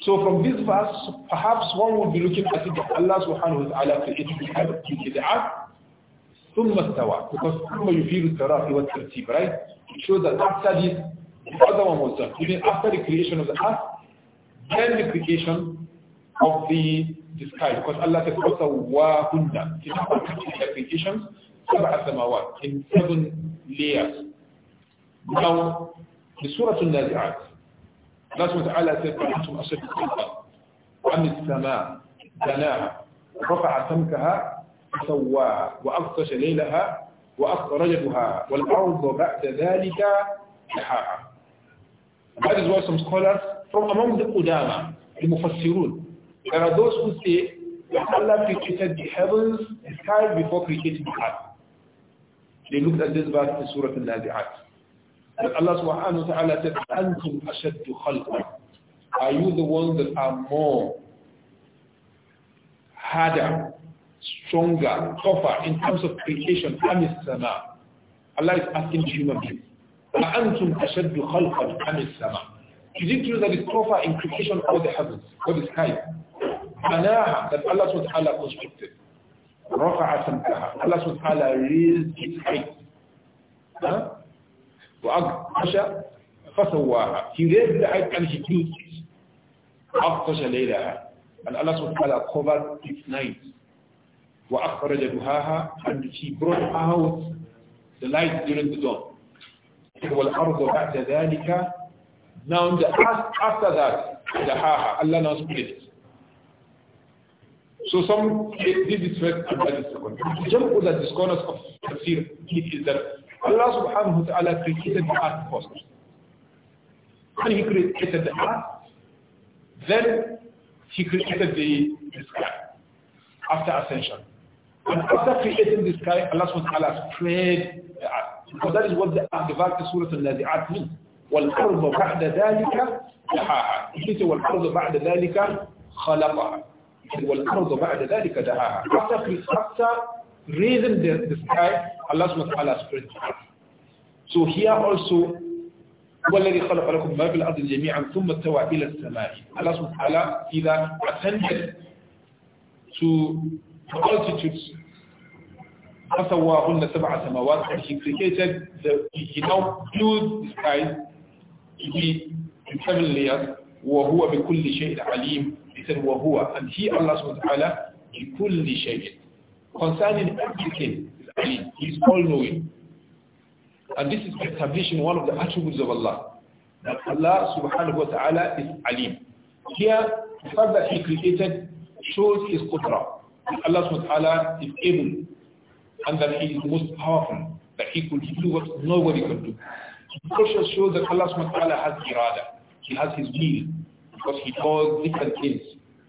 so from this verse, perhaps one would be looking at it that Allah subhanahu wa ta'ala created the the earth, ثم استوى because ثم يفيد التراخي والترتيب right to show that after this the other one was done even after the creation of the earth then the creation of the, the sky because Allah says وَهُنَّ He completed the creations سبع سماوات in seven layers now the Surah Al-Nazi'at Allah subhanahu said فَأَنْتُمْ أَشَدُ الْخَلْقَ عَنِ السَّمَاءِ بَنَاهَا رَفَعَ سَمْكَهَا فسواها وأغطش ليلها وأخرج والأرض بعد ذلك دحاها That is why some scholars from among the Qudama, the Mufassirun, there are those who say that Allah created the heavens, and sky before creating the earth. They looked at this verse in Surah Al-Nazi'at. That Allah subhanahu wa ta'ala said, أَنْتُمْ أَشَدُّ خَلْقًا Are you the ones that are more harder stronger, tougher in terms of creation. Allah is asking human beings. أَأَنْتُمْ أَشَدُّ خَلْقًا أَمِ السَّمَاءِ Is it true that it's tougher in creation of the heavens, of the sky? بَنَاهَا That Allah subhanahu wa constructed. رَفَعَ Allah subhanahu wa raised its height. Huh? وَأَغْشَ فَسَوَّاهَا He raised the height and he built it. And Allah subhanahu wa ta'ala covered its night and she brought out the light during the dawn والأرض after that. now the after that دهاها Allah knows split so some this is first and that is second the jump that the scholars of tafsir it is that Allah subhanahu wa ta'ala created the earth first when he created the earth then he created the, the sky after ascension and after creating the sky, Allah subhanahu wa ta'ala spread the uh, that is what the, uh, the verse Surah Al-Nazi'at means. وَالْأَرْضَ بَعْدَ ذَلِكَ دَهَاهَا He said, وَالْأَرْضَ بَعْد ذَلِكَ خَلَقَهَا He said, وَالْأَرْضَ بَعْد ذَلِكَ دَهَاهَا After, after raising the, the sky, Allah subhanahu wa ta'ala spread So here also, والذي خلق لكم ما في الأرض جميعا ثم استوى إلى السماء. Allah subhanahu wa ta'ala, إذا ascended to multitudes. And he created the, he now blew the sky to be in seven layers. وَهُوَ بِكُلِّ شَيْءٍ عَلِيمٍ He said, وَهُوَ And he, Allah subhanahu wa ta'ala, بِكُلِّ شَيْءٍ Concerning everything, He is all-knowing. And this is establishing one of the attributes of Allah. That Allah subhanahu wa ta'ala is alim. Here, the fact that he created shows his qudra. Allah subhanahu wa ta'ala is able and that he is most powerful, that he could do what nobody could do. scriptures show that Allah subhanahu wa ta'ala has irada, he has his will, because he does different things.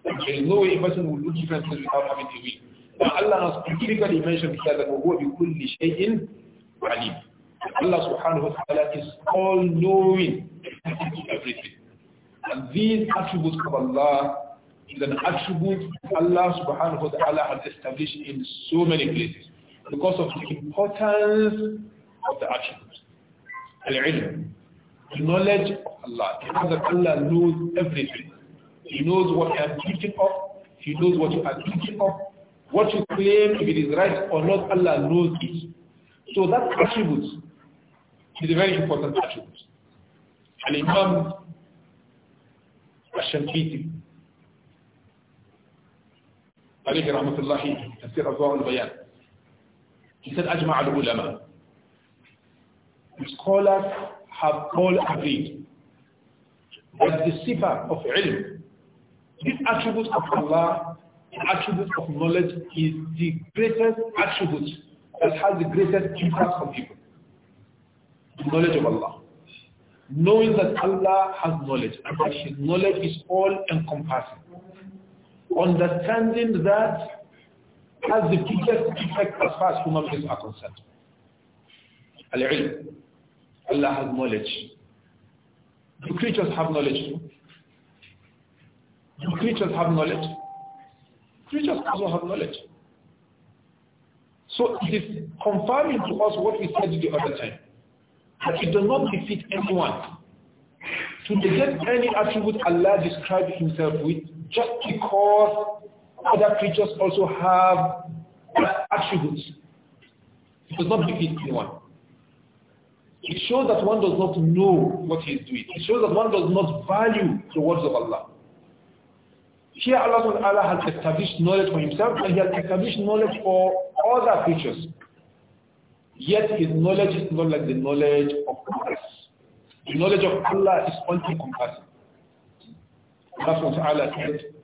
There is no way a person will do different things without having a will. Now Allah has specifically mentioned here that Allah subhanahu wa ta'ala is all-knowing everything. And these attributes of Allah is an attribute Allah subhanahu wa ta'ala has established in so many places because of the importance of the attribute. Al-ilm, the knowledge of Allah. He that Allah knows everything. He knows what you are thinking of. He knows what you are thinking of. What you claim, if it is right or not, Allah knows it. So that attribute is a very important attribute. And Imam Ashantiti, عليه رحمة الله تفسير أزوار البيان He said أجمع العلماء The scholars have all agreed that the sifa of ilm, this attribute of Allah, the attribute of knowledge is the greatest attribute that has the greatest impact on people. The knowledge of Allah. Knowing that Allah has knowledge and that His knowledge is all encompassing understanding that has the biggest effect as far as human beings are concerned. Al-ilm. Allah has knowledge. Do creatures have knowledge? Do creatures have knowledge? Creatures also have knowledge. So it is confirming to us what we said the other time. That it does not defeat anyone to negate any attribute Allah described himself with just because other creatures also have attributes. It does not make it one. It shows that one does not know what he is doing. It shows that one does not value the words of Allah. Here Allah, Allah has established knowledge for himself and he has established knowledge for other creatures. Yet his knowledge is not like the knowledge of others. The knowledge of Allah is only comprehensive. Allah تعالى wa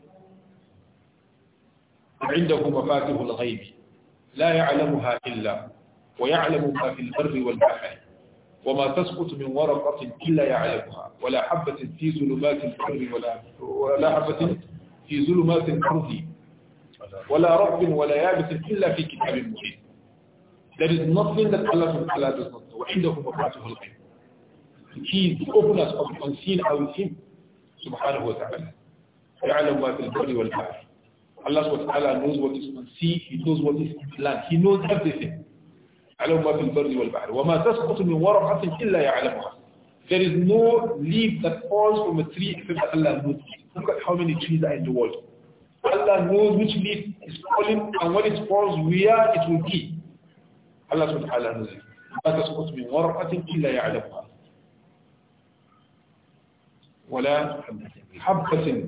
عنده مفاته الغيب لا يعلمها إلا ويعلم ما في البر والبحر وما تسقط من ورقة إلا يعلمها ولا حبة في ظلمات البر ولا ولا حبة في ظلمات الأرض ولا رب ولا يابس إلا في كتاب مبين There is nothing that Allah subhanahu wa ta'ala does not know. وعنده مفاتيح الغيب. He is the openness of unseen out of him. subhanahu wa ta'ala. يعلم ما في البر والبحر. Allah subhanahu wa knows what is on sea, He knows what is on land, He knows everything. يعلم ما في البر والبحر. وما تسقط من ورقة إلا يعلمها. There is no leaf that falls from a tree except that Allah knows it. Look at how many trees are in the world. Allah knows which leaf is falling and when it falls, where it will be. Allah subhanahu wa ta'ala knows it. ما تسقط من ورقة إلا يعلمها. ولا حبة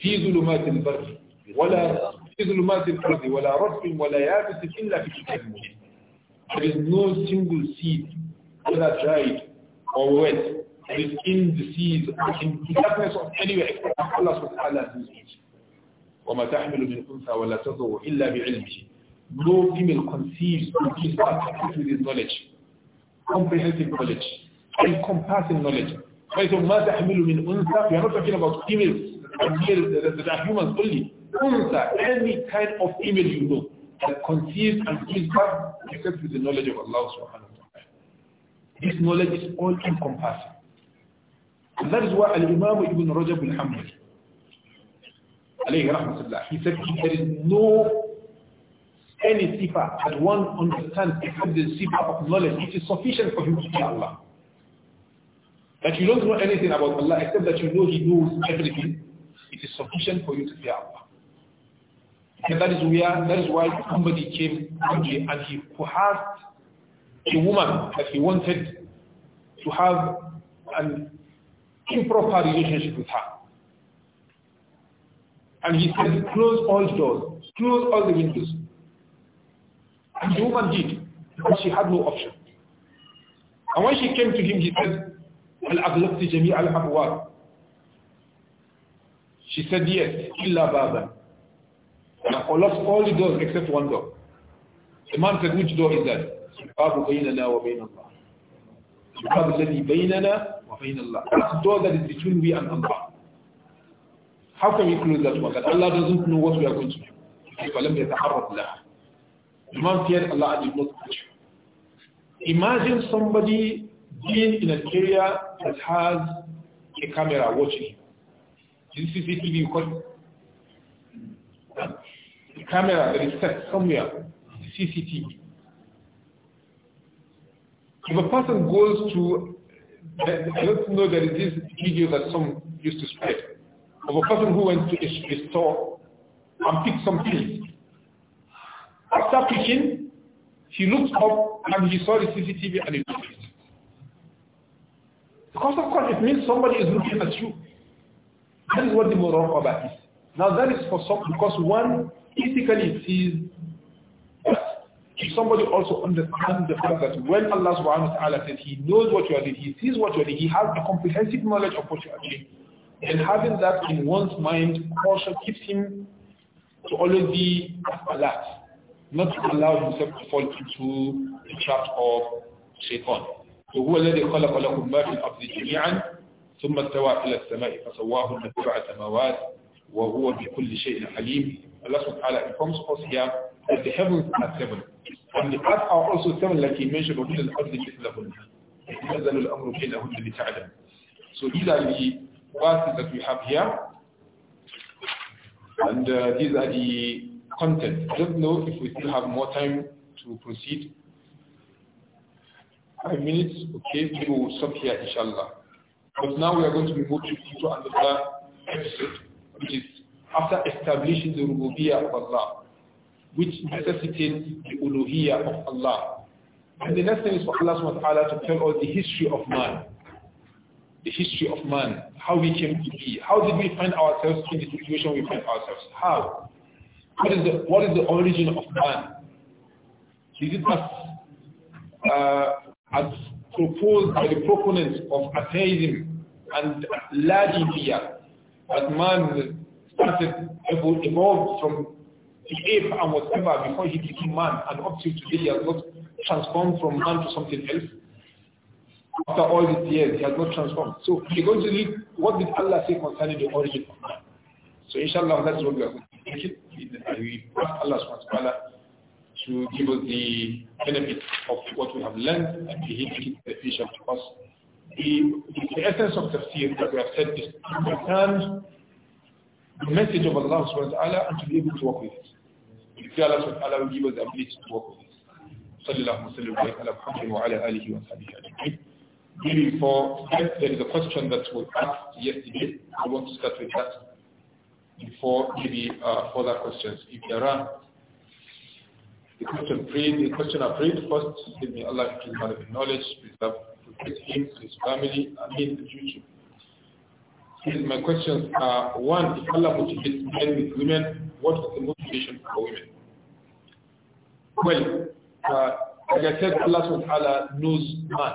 في ظلمات البر ولا في ظلمات الأرض ولا رطب ولا يابس إلا في كتاب There is no single seed, whether dry or wet, that is in the seas or in the darkness of anywhere except Allah subhanahu wa ta'ala knows it. وَمَا تَحْمِلُ مِنْ أُنْثَى وَلَا تَضُعُ إِلَّا بِعِلْمِهِ No female conceives or gives birth with his knowledge, comprehensive knowledge, encompassing knowledge. When ما تحمل من أنثى, we are not talking about females and that are humans only. Unsa, any kind of image you know that conceives and gives birth except with the knowledge of Allah subhanahu wa ta'ala. This knowledge is all encompassing. And that is why Al-Imam Ibn Rajab al-Hamdi, alayhi rahmatullah, he said there is no any sifa that one understands except the sifa of knowledge. It is sufficient for him to be Allah. That you don't know anything about Allah except that you know He knows everything. It is sufficient for you to fear Allah. And that is where that is why somebody came and he, and he coerced a woman that he wanted to have an improper relationship with her. And he said, close all doors, close all the windows. And the woman did, because she had no option. And when she came to him, he said, well, أغلقت جميع الأبواب. She said yes, إلا بابا. I lost all the doors except one door. The man said, which door is that? الباب بيننا وبين الله. الباب الذي بيننا وبين الله. That's the door that is between we and Allah. How can you close that one? That Allah doesn't know what we are going to do. فلم يتعرض لها. The man feared Allah did not touch. Imagine somebody being in an area that has a camera watching you. This is CCTV you call camera that is set somewhere, CCTV. If a person goes to, I don't know, that this video that some used to spread of a person who went to a, store and picked some things. After picking, he looked up and he saw the CCTV and it because of course it means somebody is looking at you. That is what the muraqabah is. Now that is for some, because one physically sees If somebody also understands the fact that when Allah subhanahu wa ta'ala says he knows what you are doing, he sees what you are doing, he has a comprehensive knowledge of what you are doing, and having that in one's mind, also keeps him to always be alert, not to allow himself to fall into the trap of shaitan. وهو الذي خلق لكم ما في الأرض جميعا ثم استوى إلى السماء فسواهن سبع سماوات وهو بكل شيء عليم informs us here that the heavens are seven and the earth are also seven like he mentioned وَهُنَّ الْأَرْضِ مِثْلَهُنَّ الْأَمْرُ بَيْنَهُنَّ لِتَعْلَمُ So these are the verses that we have here and uh, these are the content. I don't know if we still have more time to proceed five minutes. Okay, we'll stop here, inshallah. But now we are going to be moving into another episode, which is after establishing the rububiyyah of Allah, which necessitates the uluhiyyah of Allah. And the next thing is for Allah subhanahu wa ta'ala to tell us the history of man. The history of man, how we came to be, how did we find ourselves in the situation we find ourselves? How? What is the, what is the origin of man? Is it as uh, as proposed by the proponents of atheism and India that man started evolved from the ape and whatever before he became man, and up to today he has not transformed from man to something else. After all these years, he has not transformed. So we're going to read what did Allah say concerning the origin of man. So inshallah, that's what we are going to take it. I ask Allah subhanahu wa ta'ala to give us the benefit of what we have learned and be it beneficial to us. The, the essence of tafsir that we have said is to understand the message of Allah subhanahu wa ta'ala and to be able to work with it. If Allah subhanahu wa ta'ala will give us the ability to work with it. صلى الله وسلم على محمد وعلى آله وصحبه أجمعين. there is a question that was asked yesterday. I want to start with that before maybe uh, further questions. If there are the question prayed, the question I prayed first, give me Allah to give knowledge, preserve, protect him and his family, and me in the future. Here's my questions are, one, if Allah motivates men with women, what is the motivation for women? Well, uh, like I said, Allah subhanahu knows man,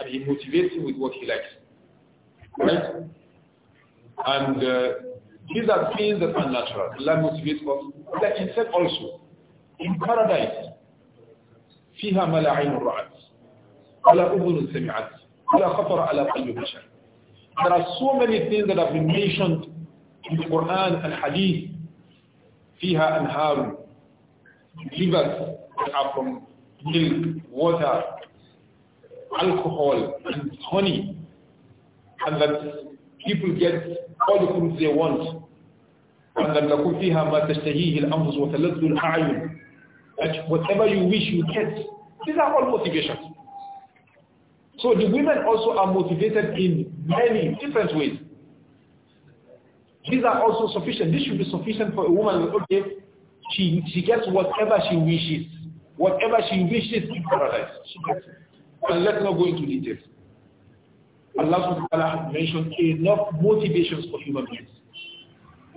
and he motivates him with what he likes. Right? And uh, these are things that are natural. Allah motivates us. Like said also. in paradise فيها ما لا عين رأت ولا أذن سمعت ولا خطر على قلب بشر There are so many things that have been mentioned in the Quran and Hadith فيها أنهار rivers that are from milk, water, alcohol and honey and that people get all the foods they want and that لكم فيها ما تشتهيه الأنفس وتلذ الأعين that whatever you wish you get. These are all motivations. So the women also are motivated in many different ways. These are also sufficient. This should be sufficient for a woman. Okay, she, she gets whatever she wishes. Whatever she wishes in paradise. She gets it. And let's not go into details. Allah subhanahu has mentioned enough motivations for human beings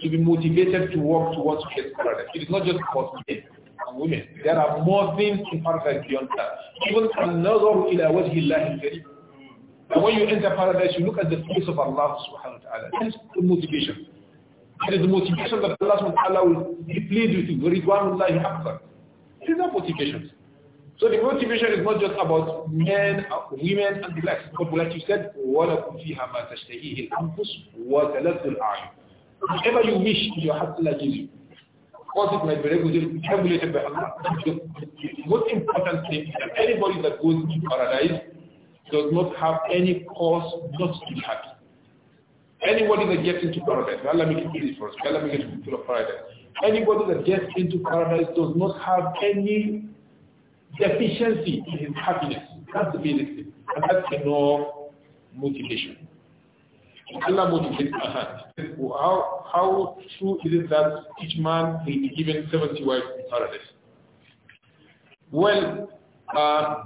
to be motivated to work towards paradise. It is not just for men and women. There are more things in paradise beyond that. Even another ila wajhi And when you enter paradise, you look at the face of Allah subhanahu wa ta'ala. That's the motivation. It is the motivation that Allah subhanahu wa ta'ala will be pleased with you. Ridwanullahi akbar. These are motivations. So the motivation is not just about men, women, and blacks. But like you said, وَلَكُمْ فِيهَا مَا تَشْتَهِيهِ الْأَنفُسُ وَتَلَذُّ الْأَعْيُنُ Whatever you wish, your heart will you course it might be regulated, by Allah. The most important thing is that anybody that goes to paradise does not have any cause not to be happy. Anybody that gets into paradise, let me make this first. for us, Allah make it full of paradise. Anybody that gets into paradise does not have any deficiency in his happiness. That's the basic thing. And that's enough motivation. Allah motivates How, how true is it that each man will be given 70 wives in paradise? Well, uh,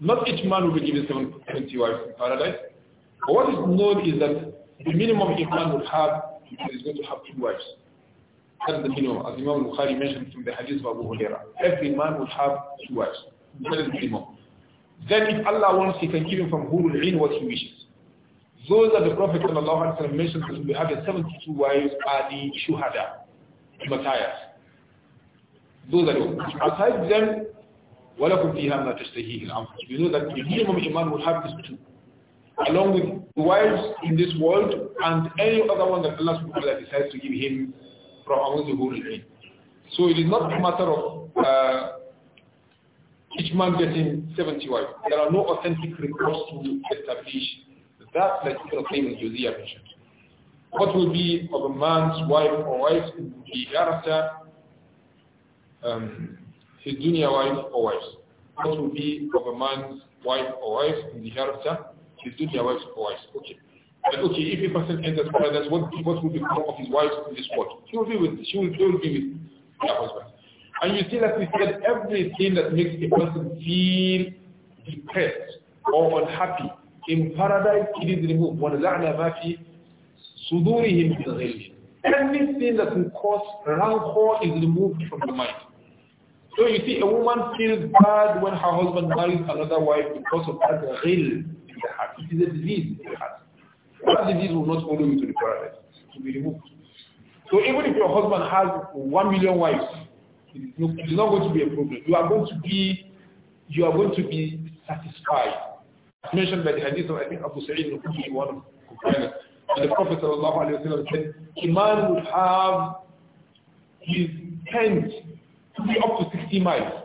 not each man will be given 70 wives in paradise. But what is known is that the minimum a man will have is going to have two wives. That's the minimum, as Imam Bukhari mentioned from the hadith of Abu Huraira. Every man will have two wives. That is the minimum. Then if Allah wants, he can give him from Hurul Ain what he wishes. Those that the Prophet ﷺ mentioned that we have 72 wives are the shuhada, matayas. Those are the Aside them, وَلَكُمْ فِيهَا مَا تَشْتَهِيهِ الْأَنفُسُ You know that the minimum iman will have this two. Along with the wives in this world and any other one that Allah subhanahu wa ta'ala decides to give him from among the whole aid. So it is not a matter of uh, each man getting 70 wives. There are no authentic records to establish that that Ibn Qayyim al-Jawziyah mentioned. What will be of a man's wife or wife in the hereafter, um, his dunya wife or wife? What will be of a man's wife or wife in the hereafter, his dunya wife or wife? Okay. But okay, if a person enters paradise, what what will become of his wife in this world? She will be with she will, she will be with her husband. And you see that we said everything that makes a person feel depressed or unhappy in paradise it is removed. وَنَزَعْنَا مَا فِي صُدُورِهِمْ مِنْ غِلٍّ Anything that can cause rancor is removed from the mind. So you see, a woman feels bad when her husband marries another wife because of that ghil in the heart. It is a disease in the heart. That disease will not follow you to the paradise. It will be removed. So even if your husband has one million wives, it is not going to be a problem. You are going to be, you are going to be satisfied mentioned by the hadith of I think Abu Sa'id al one of companions. the Prophet said, a man would have his tent to be up to 60 miles.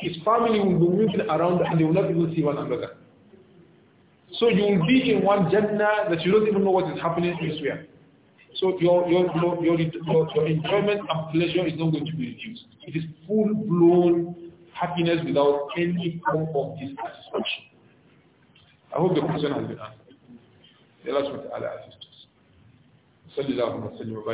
His family will be moving around and they will not even see one another. So you will be in one Jannah that you don't even know what is happening elsewhere. So your, your, your, your, your enjoyment and pleasure is not going to be reduced. It is full-blown happiness without any form of dissatisfaction. I hope the question has been answered. The last one to Allah assist us. صلى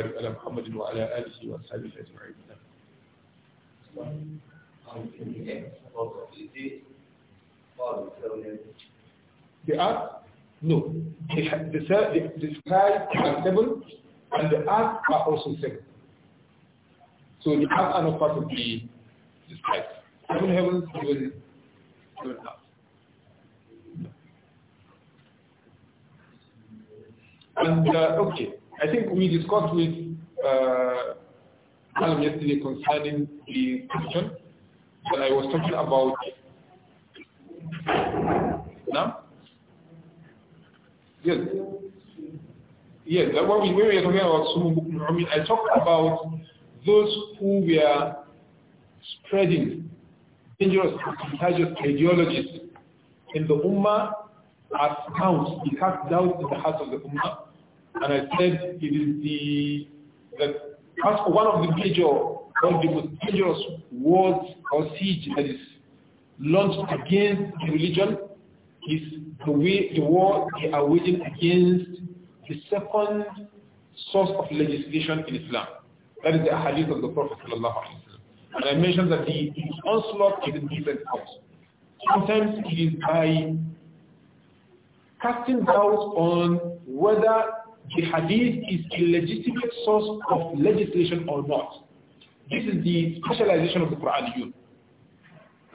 The earth? No. The, the, the, the sky are seven and the earth are also seven. So the earth are not part of the, the sky seven heavens, seven, seven halves. And uh, okay, I think we discussed with uh, Alam yesterday concerning the question that I was talking about. Now, yes, yes. That we, when we were talking about Sumu I mean, I talked about those who were spreading dangerous contagious ideologies in the Ummah are found. It has doubt in the heart of the Ummah. And I said it is the, the one of the major, one of the most dangerous wars or siege that is launched against the religion is the way the war they are waging against the second source of legislation in Islam. That is the hadith of the Prophet sallallahu alaihi wasallam. And I mentioned that the, the onslaught is in different forms. Sometimes it is by casting doubt on whether the hadith is a legitimate source of legislation or not. This is the specialization of the Quran youth.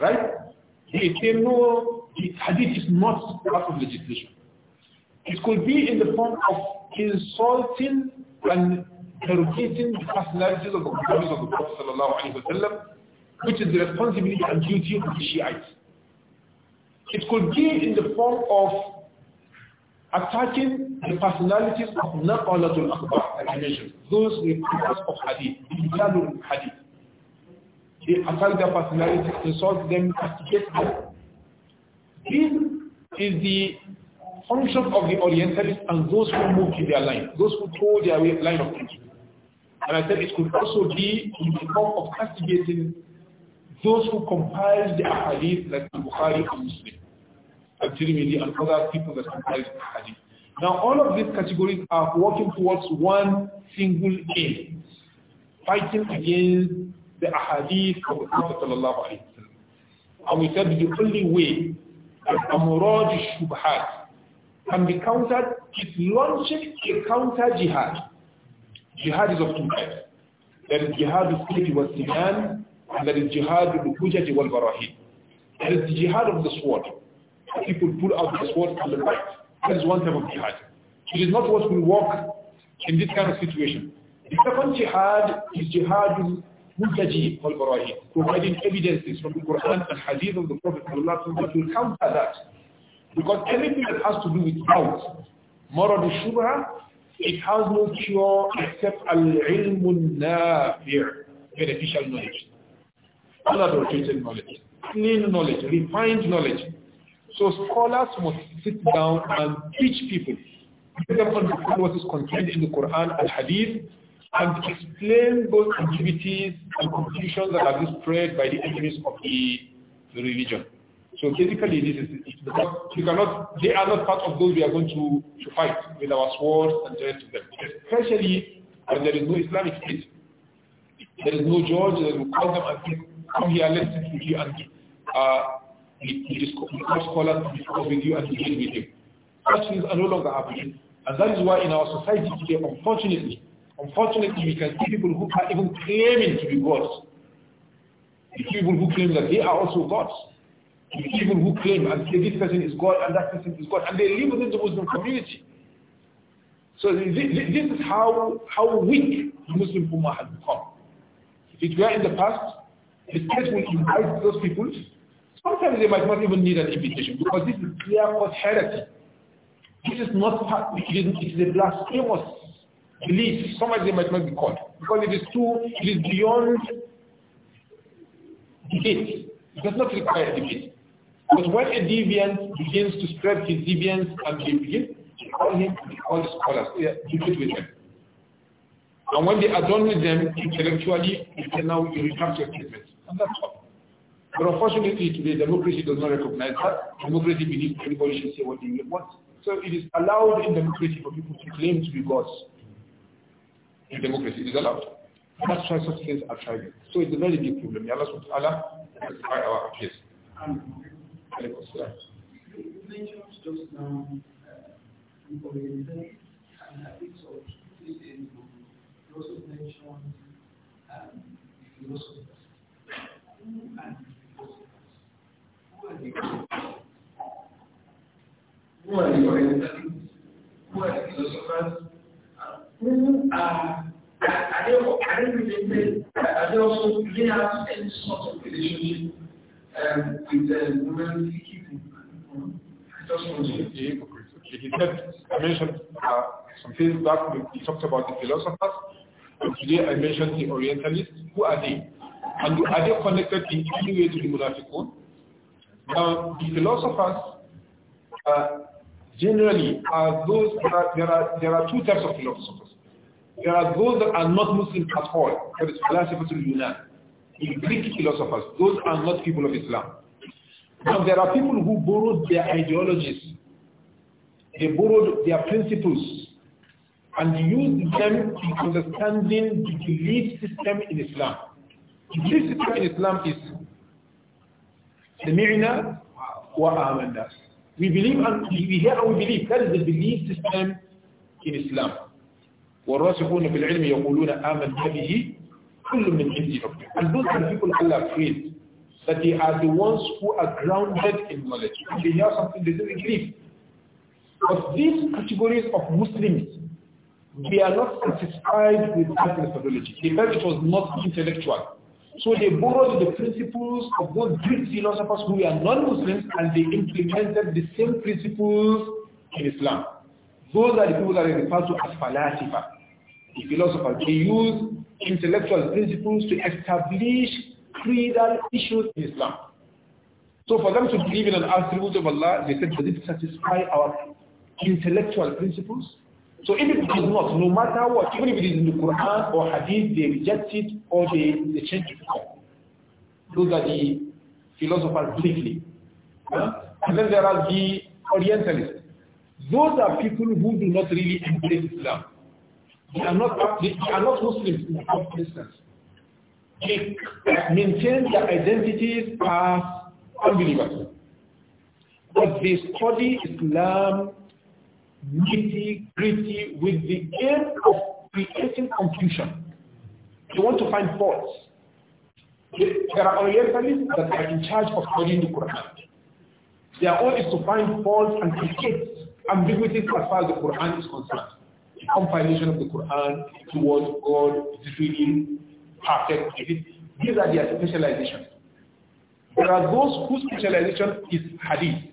Right? They say no, the hadith is not part of legislation. It could be in the form of insulting and Inculcating the personalities of the companions of the Prophet sallallahu which is the responsibility and duty of the Shiites. It could be in the form of attacking the personalities of Naqalatul Akbar, as I mentioned, those reporters of Hadith, Injalul Hadith. They attack their personalities, insult them, castigate them. This is the function of the Orientalists and those who move in their line, those who told their line of thinking. And I said it could also be in the form of castigating those who compiled the hadith like Bukhari and Muslim, and Tirmidhi and other people that compiled the hadith. Now all of these categories are working towards one single aim, fighting against the ahadith of the Prophet sallallahu alayhi And we said the only way that Amuraj Shubhat can be countered is launching a counter jihad Jihad is of two types. There is jihad of Qiti wa Sinan, and there is jihad of Hujati wal Barahim. There is the jihad of the sword. People pull out the sword and the fight. That is one type of jihad. It is not what we walk in this kind of situation. The second jihad is jihad Mujaji al Barahim, providing evidences from the Quran and Hadith of the Prophet that to counter that. Because anything that has to do with doubt, moral shubha, it has no cure except al-ilmun beneficial knowledge. Unadulterated knowledge, clean knowledge, refined knowledge. So scholars must sit down and teach people, let them understand what is contained in the Quran and Hadith, and explain those activities and confusions that are displayed by the enemies of the, the religion. So basically, this is because you cannot. They are not part of those we are going to to fight with our swords and the rest of them. Especially when there is no Islamic state, there is no judge that will call them and say, "Come here, let's sit with you and uh, we, we discuss, scholars and discuss with you and deal with you." Such things are no longer happening, and that is why in our society today, unfortunately, unfortunately, we can see people who are even claiming to be gods, people who claim that they are also gods. Even who claim and say this person is God and that person is God, and they live within the Muslim community. So this, this is how, how weak the Muslim Ummah has become. If it were in the past, the state will invite those people. Sometimes they might not even need an invitation because this is clear cut heresy. This is not part, it is, it is a blasphemous belief. Sometimes they might not be called because it is too, it is beyond debate. It does not require debate. Because when a deviant begins to spread his deviance and they begin to call him all scholars, they debate with them. And when they are done with them intellectually, you can now you retract your statement. And that's all. But unfortunately today, democracy does not recognize that. Democracy believes everybody should say what they want. So it is allowed in democracy for people to claim to be gods. In democracy, it is allowed. That's why such things are tried. So it's a very big problem. Allah subhanahu wa ta'ala, that's our case. You mentioned just now uh, oriented, and I think so. You also mentioned um, philosophers. Who are the philosophers? Who are the orientalists? Who are the philosophers? Who are are they, are they related? Are they also, do they have any sort of relationship and with uh, women just he said, I mentioned uh, some things back when he talked about the philosophers. And today I mentioned the Orientalists. Who are they? And are they connected in any way to the Munafiqun? Now, the philosophers uh, generally are those, are, there, are, there are two types of philosophers. There are those that are not Muslim at all, that is philosophers of Yunan. Greek philosophers. Those are not people of Islam. Now there are people who borrowed their ideologies. They borrowed their principles and used them in understanding the belief system in Islam. The belief system in Islam is wa وآمنا. We believe and we hear and we believe. That is the belief system in Islam. والراسخون في العلم يقولون آمنا به and those are the people Allah afraid that they are the ones who are grounded in knowledge. When they hear something, they don't believe. But these categories of Muslims, they are not satisfied with that methodology. They felt it was not intellectual. So they borrowed the principles of those Greek philosophers who were non-Muslims and they implemented the same principles in Islam. Those are the people that are referred to as philosophers, The philosophers, they use intellectual principles to establish creedal issues in Islam. So for them to believe in an attribute of Allah, they said, does it satisfy our intellectual principles? So if it is not, no matter what, even if it is in the Quran or Hadith, they reject it or they, they change it. Those are the philosophers briefly. Huh? And then there are the Orientalists. Those are people who do not really embrace Islam. They are not, they are not Muslims in the first instance. They uh, maintain their identities as unbelievers. But they study Islam nitty gritty with the aim of creating confusion. They want to find faults. There are Orientalists that are in charge of studying the Quran. Their goal is to find faults and create ambiguities as far as the Quran is concerned compilation of the Quran towards God is really perfect. These are their specializations. There are those whose specialization is hadith.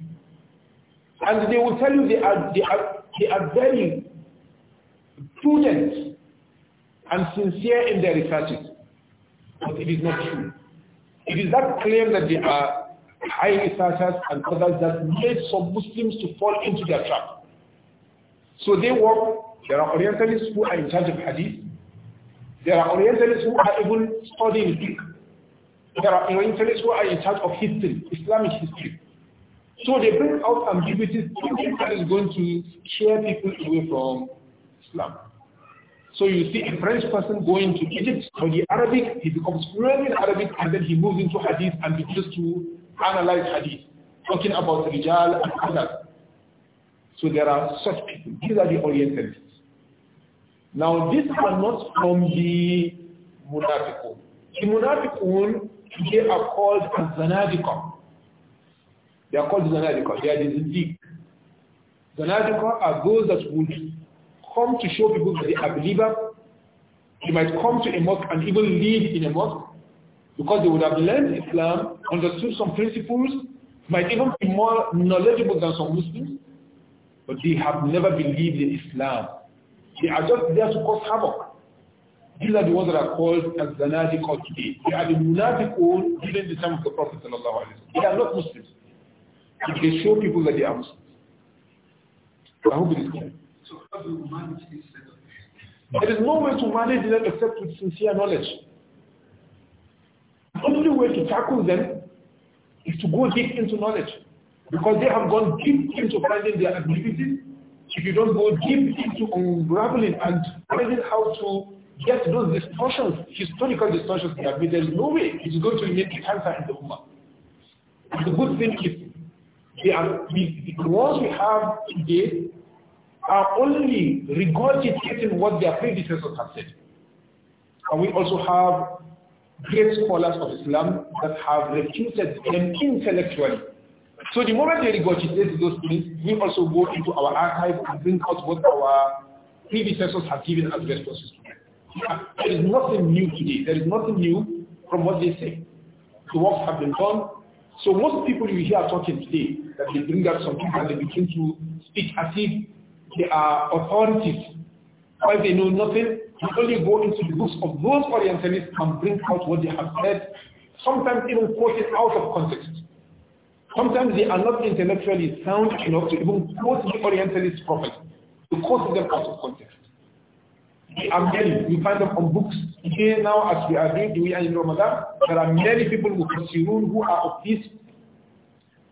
And they will tell you they are, they are, they are very prudent and sincere in their researches. But it is not true. It is that claim that they are high researchers and others that made some Muslims to fall into their trap. So they work there are Orientalists who are in charge of Hadith. There are Orientalists who are even studying Fiqh. There are Orientalists who are in charge of history, Islamic history. So they bring out ambiguities that is going to scare people away from Islam. So you see a French person going to Egypt, the Arabic, he becomes fluent in Arabic, and then he moves into Hadith and begins to analyze Hadith, talking about Rijal and others. So there are such people. These are the Orientalists. Now these are not from the munafiqun. The munafiqun, they are called zanadiqa. They are called zanadiqa. They are the zindiq. Zanadiqa are those that would come to show people that they are believers. They might come to a mosque and even live in a mosque because they would have learned Islam, understood some principles, might even be more knowledgeable than some Muslims, but they have never believed in Islam. They are just there to cause havoc. These are the ones that are called as cult today. They are the Munafiqun during the time of the Prophet They are not Muslims. they show people that they are Muslims. I hope it is clear. how you manage There is no way to manage them except with sincere knowledge. The only way to tackle them is to go deep into knowledge. Because they have gone deep into finding their abilities if you don't go deep into unraveling and finding how to get those distortions, historical distortions they have made, there is no way it's going to remain the cancer in the Ummah. The good thing is they are, we, the ones we have today are only regurgitating what their predecessors have said. And we also have great scholars of Islam that have refuted them intellectually. So the moment they regurgitate those things, we also go into our archive and bring out what our predecessors have given as responses There is nothing new today. There is nothing new from what they say. The works have been done. So most people you hear talking today, that they bring out something and they begin to speak as if they are authorities. While they know nothing, they only go into the books of those Orientalists and bring out what they have said, sometimes even quoted out of context. Sometimes they are not intellectually sound enough to even quote the Orientalist prophet, to quote them out of context. They are many. You find them on books. here now, as we are doing Dua in Ramadan, there are many people who Fasirun who are of this.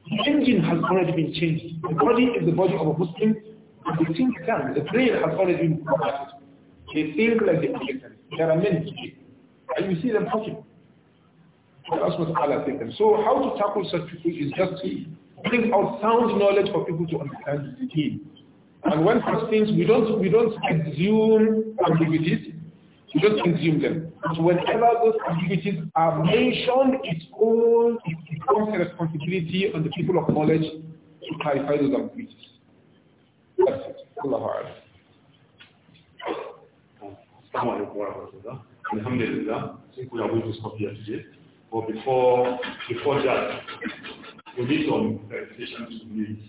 The engine has already been changed. The body is the body of a Muslim. The think tank, the prayer has already been converted. They think like the Orientalists. There are many And you see them talking. That's what Allah said them. So how to tackle such people is just to bring out sound knowledge for people to understand the deen. And when such things, we don't, we don't assume ambiguities, we don't consume them. But whenever those ambiguities are mentioned, it's all, it becomes a responsibility on the people of knowledge to clarify those ambiguities. That's it. Allahu Akbar. Assalamu alaikum wa rahmatullah. Alhamdulillah. I think we are going to stop here today or before, before that, we need some verifications to make.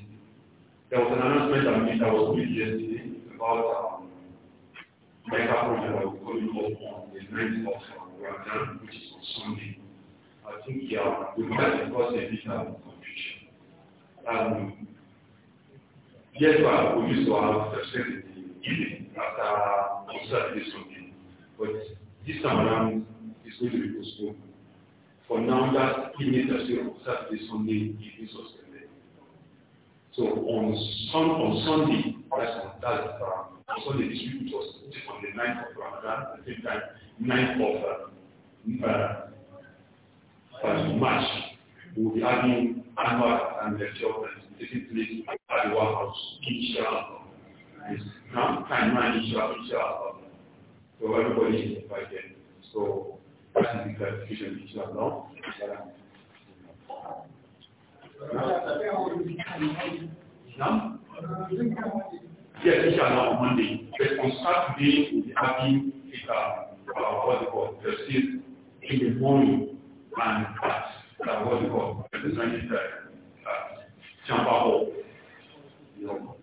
There was an announcement I made, that was made yesterday about um, mega project that we going up on the 9th of Ramadan, which is on Sunday. I think, yeah, we might have caused a bit of confusion. Um, yes, well, we used to have sessions in the evening after on this Sunday, but this time around, it's going to be postponed for now that evening session on Saturday, Sunday, evening suspended. So on sun on Sunday, that's on that um, uh, on Sunday this week was on the 9th of Ramadan, I think that 9th of uh, uh, uh, March, we'll be having annual and lecture and taking place at the White House, inshallah. It's now time nine inshallah, inshallah. So everybody is invited. So pratique la discussion d'Islam, on Monday. But on Saturday, we'll be having Fika, uh, what we call, the seat in the morning, and at, uh, what we call, the Chinese, uh, uh, Champa Hall. You know,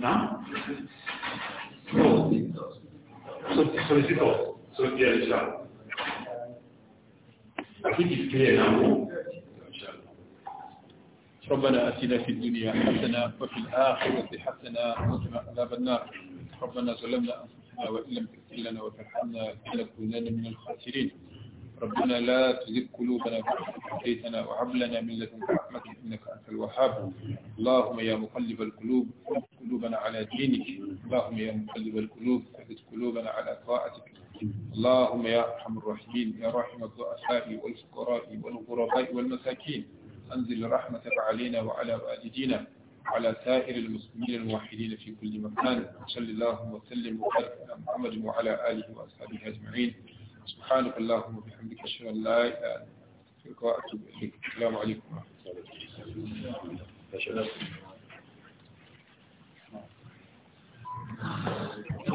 now? So, so, so, so, so, yeah, Inshallah. أكيد الكلية نعم ربنا أتنا في الدنيا حسنة وفي الآخرة حسنة وقنا عذاب النار ربنا ظلمنا أنفسنا وإن لم تغفر لنا وترحمنا لنكونن من الخاسرين ربنا لا تزغ قلوبنا بعد هديتنا وهب لنا من لدنك رحمة إنك أنت الوهاب اللهم يا مقلب القلوب ثبت قلوبنا على دينك اللهم يا مقلب القلوب ثبت قلوبنا على طاعتك اللهم يا أرحم الراحمين يا رحمة الضعفاء والفقراء والغرباء والمساكين أنزل رحمتك علينا وعلى والدينا وعلى سائر المسلمين الموحدين في كل مكان صل اللهم وسلم وبارك على محمد وعلى آله وأصحابه أجمعين سبحانك اللهم وبحمدك أشهد أن لا إله إلا أنت وأتوب إليك السلام عليكم ورحمة الله وبركاته Thank you.